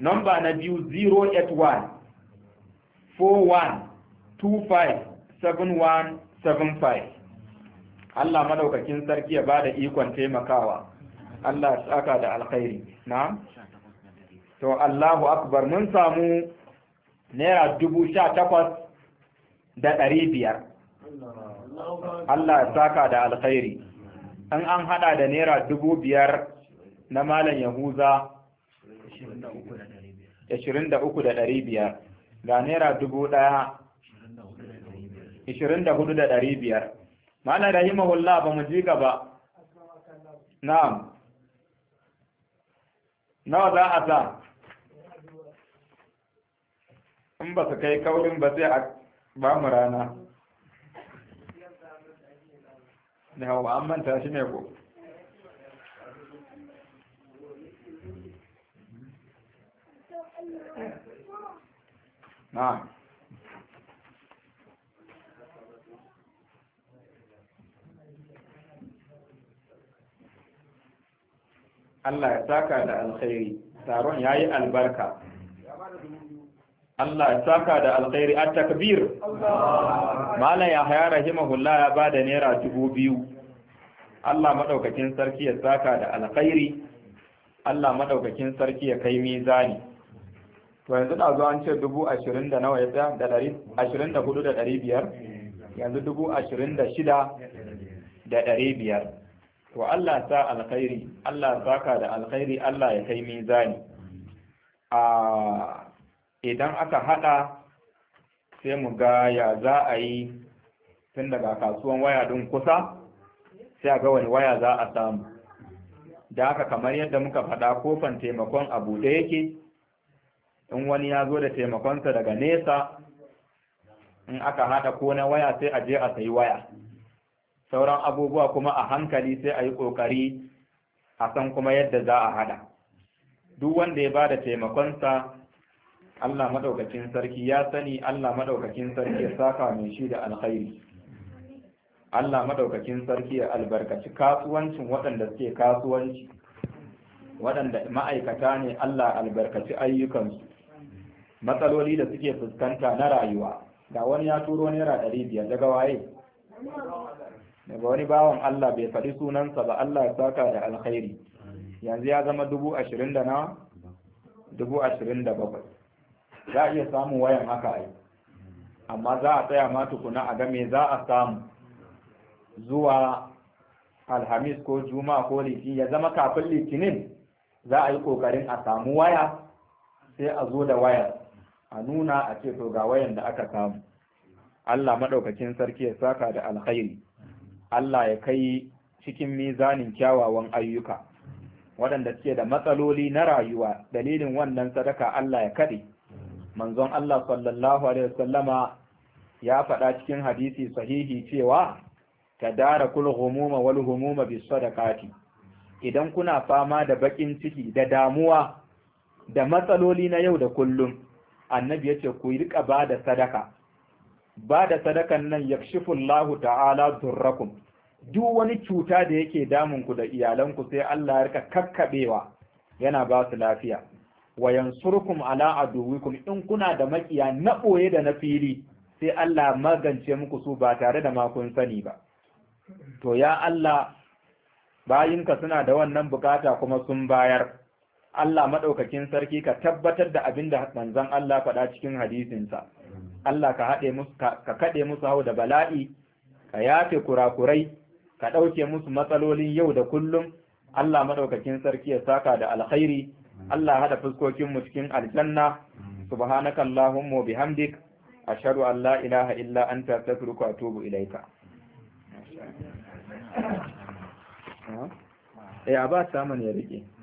Nomba na biyu 081 41 25 7175 Allah madaukakin sarki ya bada ikon taimakawa Allah saka da alkhairi na to Allahu akbar mun samu naira dubu sha takwas da ɗari biyar Allah saka da alkhairi in an hada da naira dubu biyar na malam yahuza ishirin da uku da ɗari biyar ga naira dubu ɗaya Ishirin da hudu da ɗari biyar ma'ana rahimahullah ba mu ji gaba na'am nawa za a sa in ba su kai kaurin ba sai a ba mu rana yawa an manta shi ne ko Allah ya saka da alkhairi taron ya yi albarka Allah ya saka da alkhairi at takbir Malam ya haya rahimahullah ya bada naira dubu biyu Allah Madaukakin sarki ya saka da alkhairi Allah Madaukakin sarki ya kai mizani to yanzu da zuwa an ce dubu ashirin da nawa ya tsaya da ɗari ashirin da hudu da ɗari biyar yanzu dubu ashirin da shida da ɗari biyar to Allah sa alkhairi Allah saka da alkhairi Allah ya kai mizani a idan aka haɗa sai mu ga ya za a yi tun daga kasuwan waya ɗin kusa sai a ga wani waya za a samu da haka kamar yadda muka faɗa kofan taimakon abu da yake in wani ya zo da taimakonsa daga nesa in aka haɗa ko na waya sai a je a sayi waya sauran abubuwa kuma a hankali sai a yi ƙoƙari a san kuma yadda za a haɗa duk wanda ya ba da taimakonsa Allah maɗaukacin sarki ya sani Allah maɗaukacin sarki ya saka mai shi da alkhairi Allah maɗaukacin sarki ya albarkaci kasuwancin waɗanda suke kasuwanci waɗanda ma'aikata ne Allah albarkaci ayyukansu matsaloli da suke fuskanta na rayuwa ga wani ya turo naira ɗari biyar daga waye daga wani bawan Allah bai faɗi sunansa ba Allah ya saka da alkhairi yanzu ya zama dubu ashirin da nawa dubu ashirin da bakwai za a iya samun wayan haka ai amma za a tsaya ma tukuna a game za a samu zuwa alhamis ko juma ko litinin ya zama kafin litinin za a yi kokarin a samu waya sai a zo da wayar. a nuna a ce to ga wayan da aka samu Allah maɗaukacin sarki ya saka da alkhairi Allah ya kai cikin mizanin kyawawan ayyuka waɗanda suke da matsaloli na rayuwa dalilin wannan sadaka Allah ya kaɗe manzon Allah sallallahu alaihi wasallama ya faɗa cikin hadisi sahihi cewa tadara kul humuma wal humuma bis sadaqati idan kuna fama da bakin ciki da damuwa da matsaloli na yau da kullum annabi yace ku rika ba da sadaka ba da sadakan nan yakshifullahu ta'ala durrakum duk wani cuta da yake damun ku da iyalanku sai Allah ya rika kakkabewa yana ba su lafiya wa yansurkum ala aduwikum in kuna da makiya na ɓoye da na fili sai Allah magance muku su ba tare da makon sani ba to ya Allah bayinka suna da wannan bukata kuma sun bayar Allah maɗaukakin sarki ka tabbatar da abin da manzon Allah faɗa cikin hadisinsa Allah ka haɗe musu ka kaɗe musu hau da bala'i ka yafe kurakurai ka ɗauke musu matsalolin yau da kullum Allah maɗaukakin sarki ya saka da alkhairi Allah haɗa fuskokin mu cikin aljanna subhanaka allahumma bihamdik ashhadu an la ilaha illa anta astaghfiruka wa atubu ilaika eh a ba samun ya rike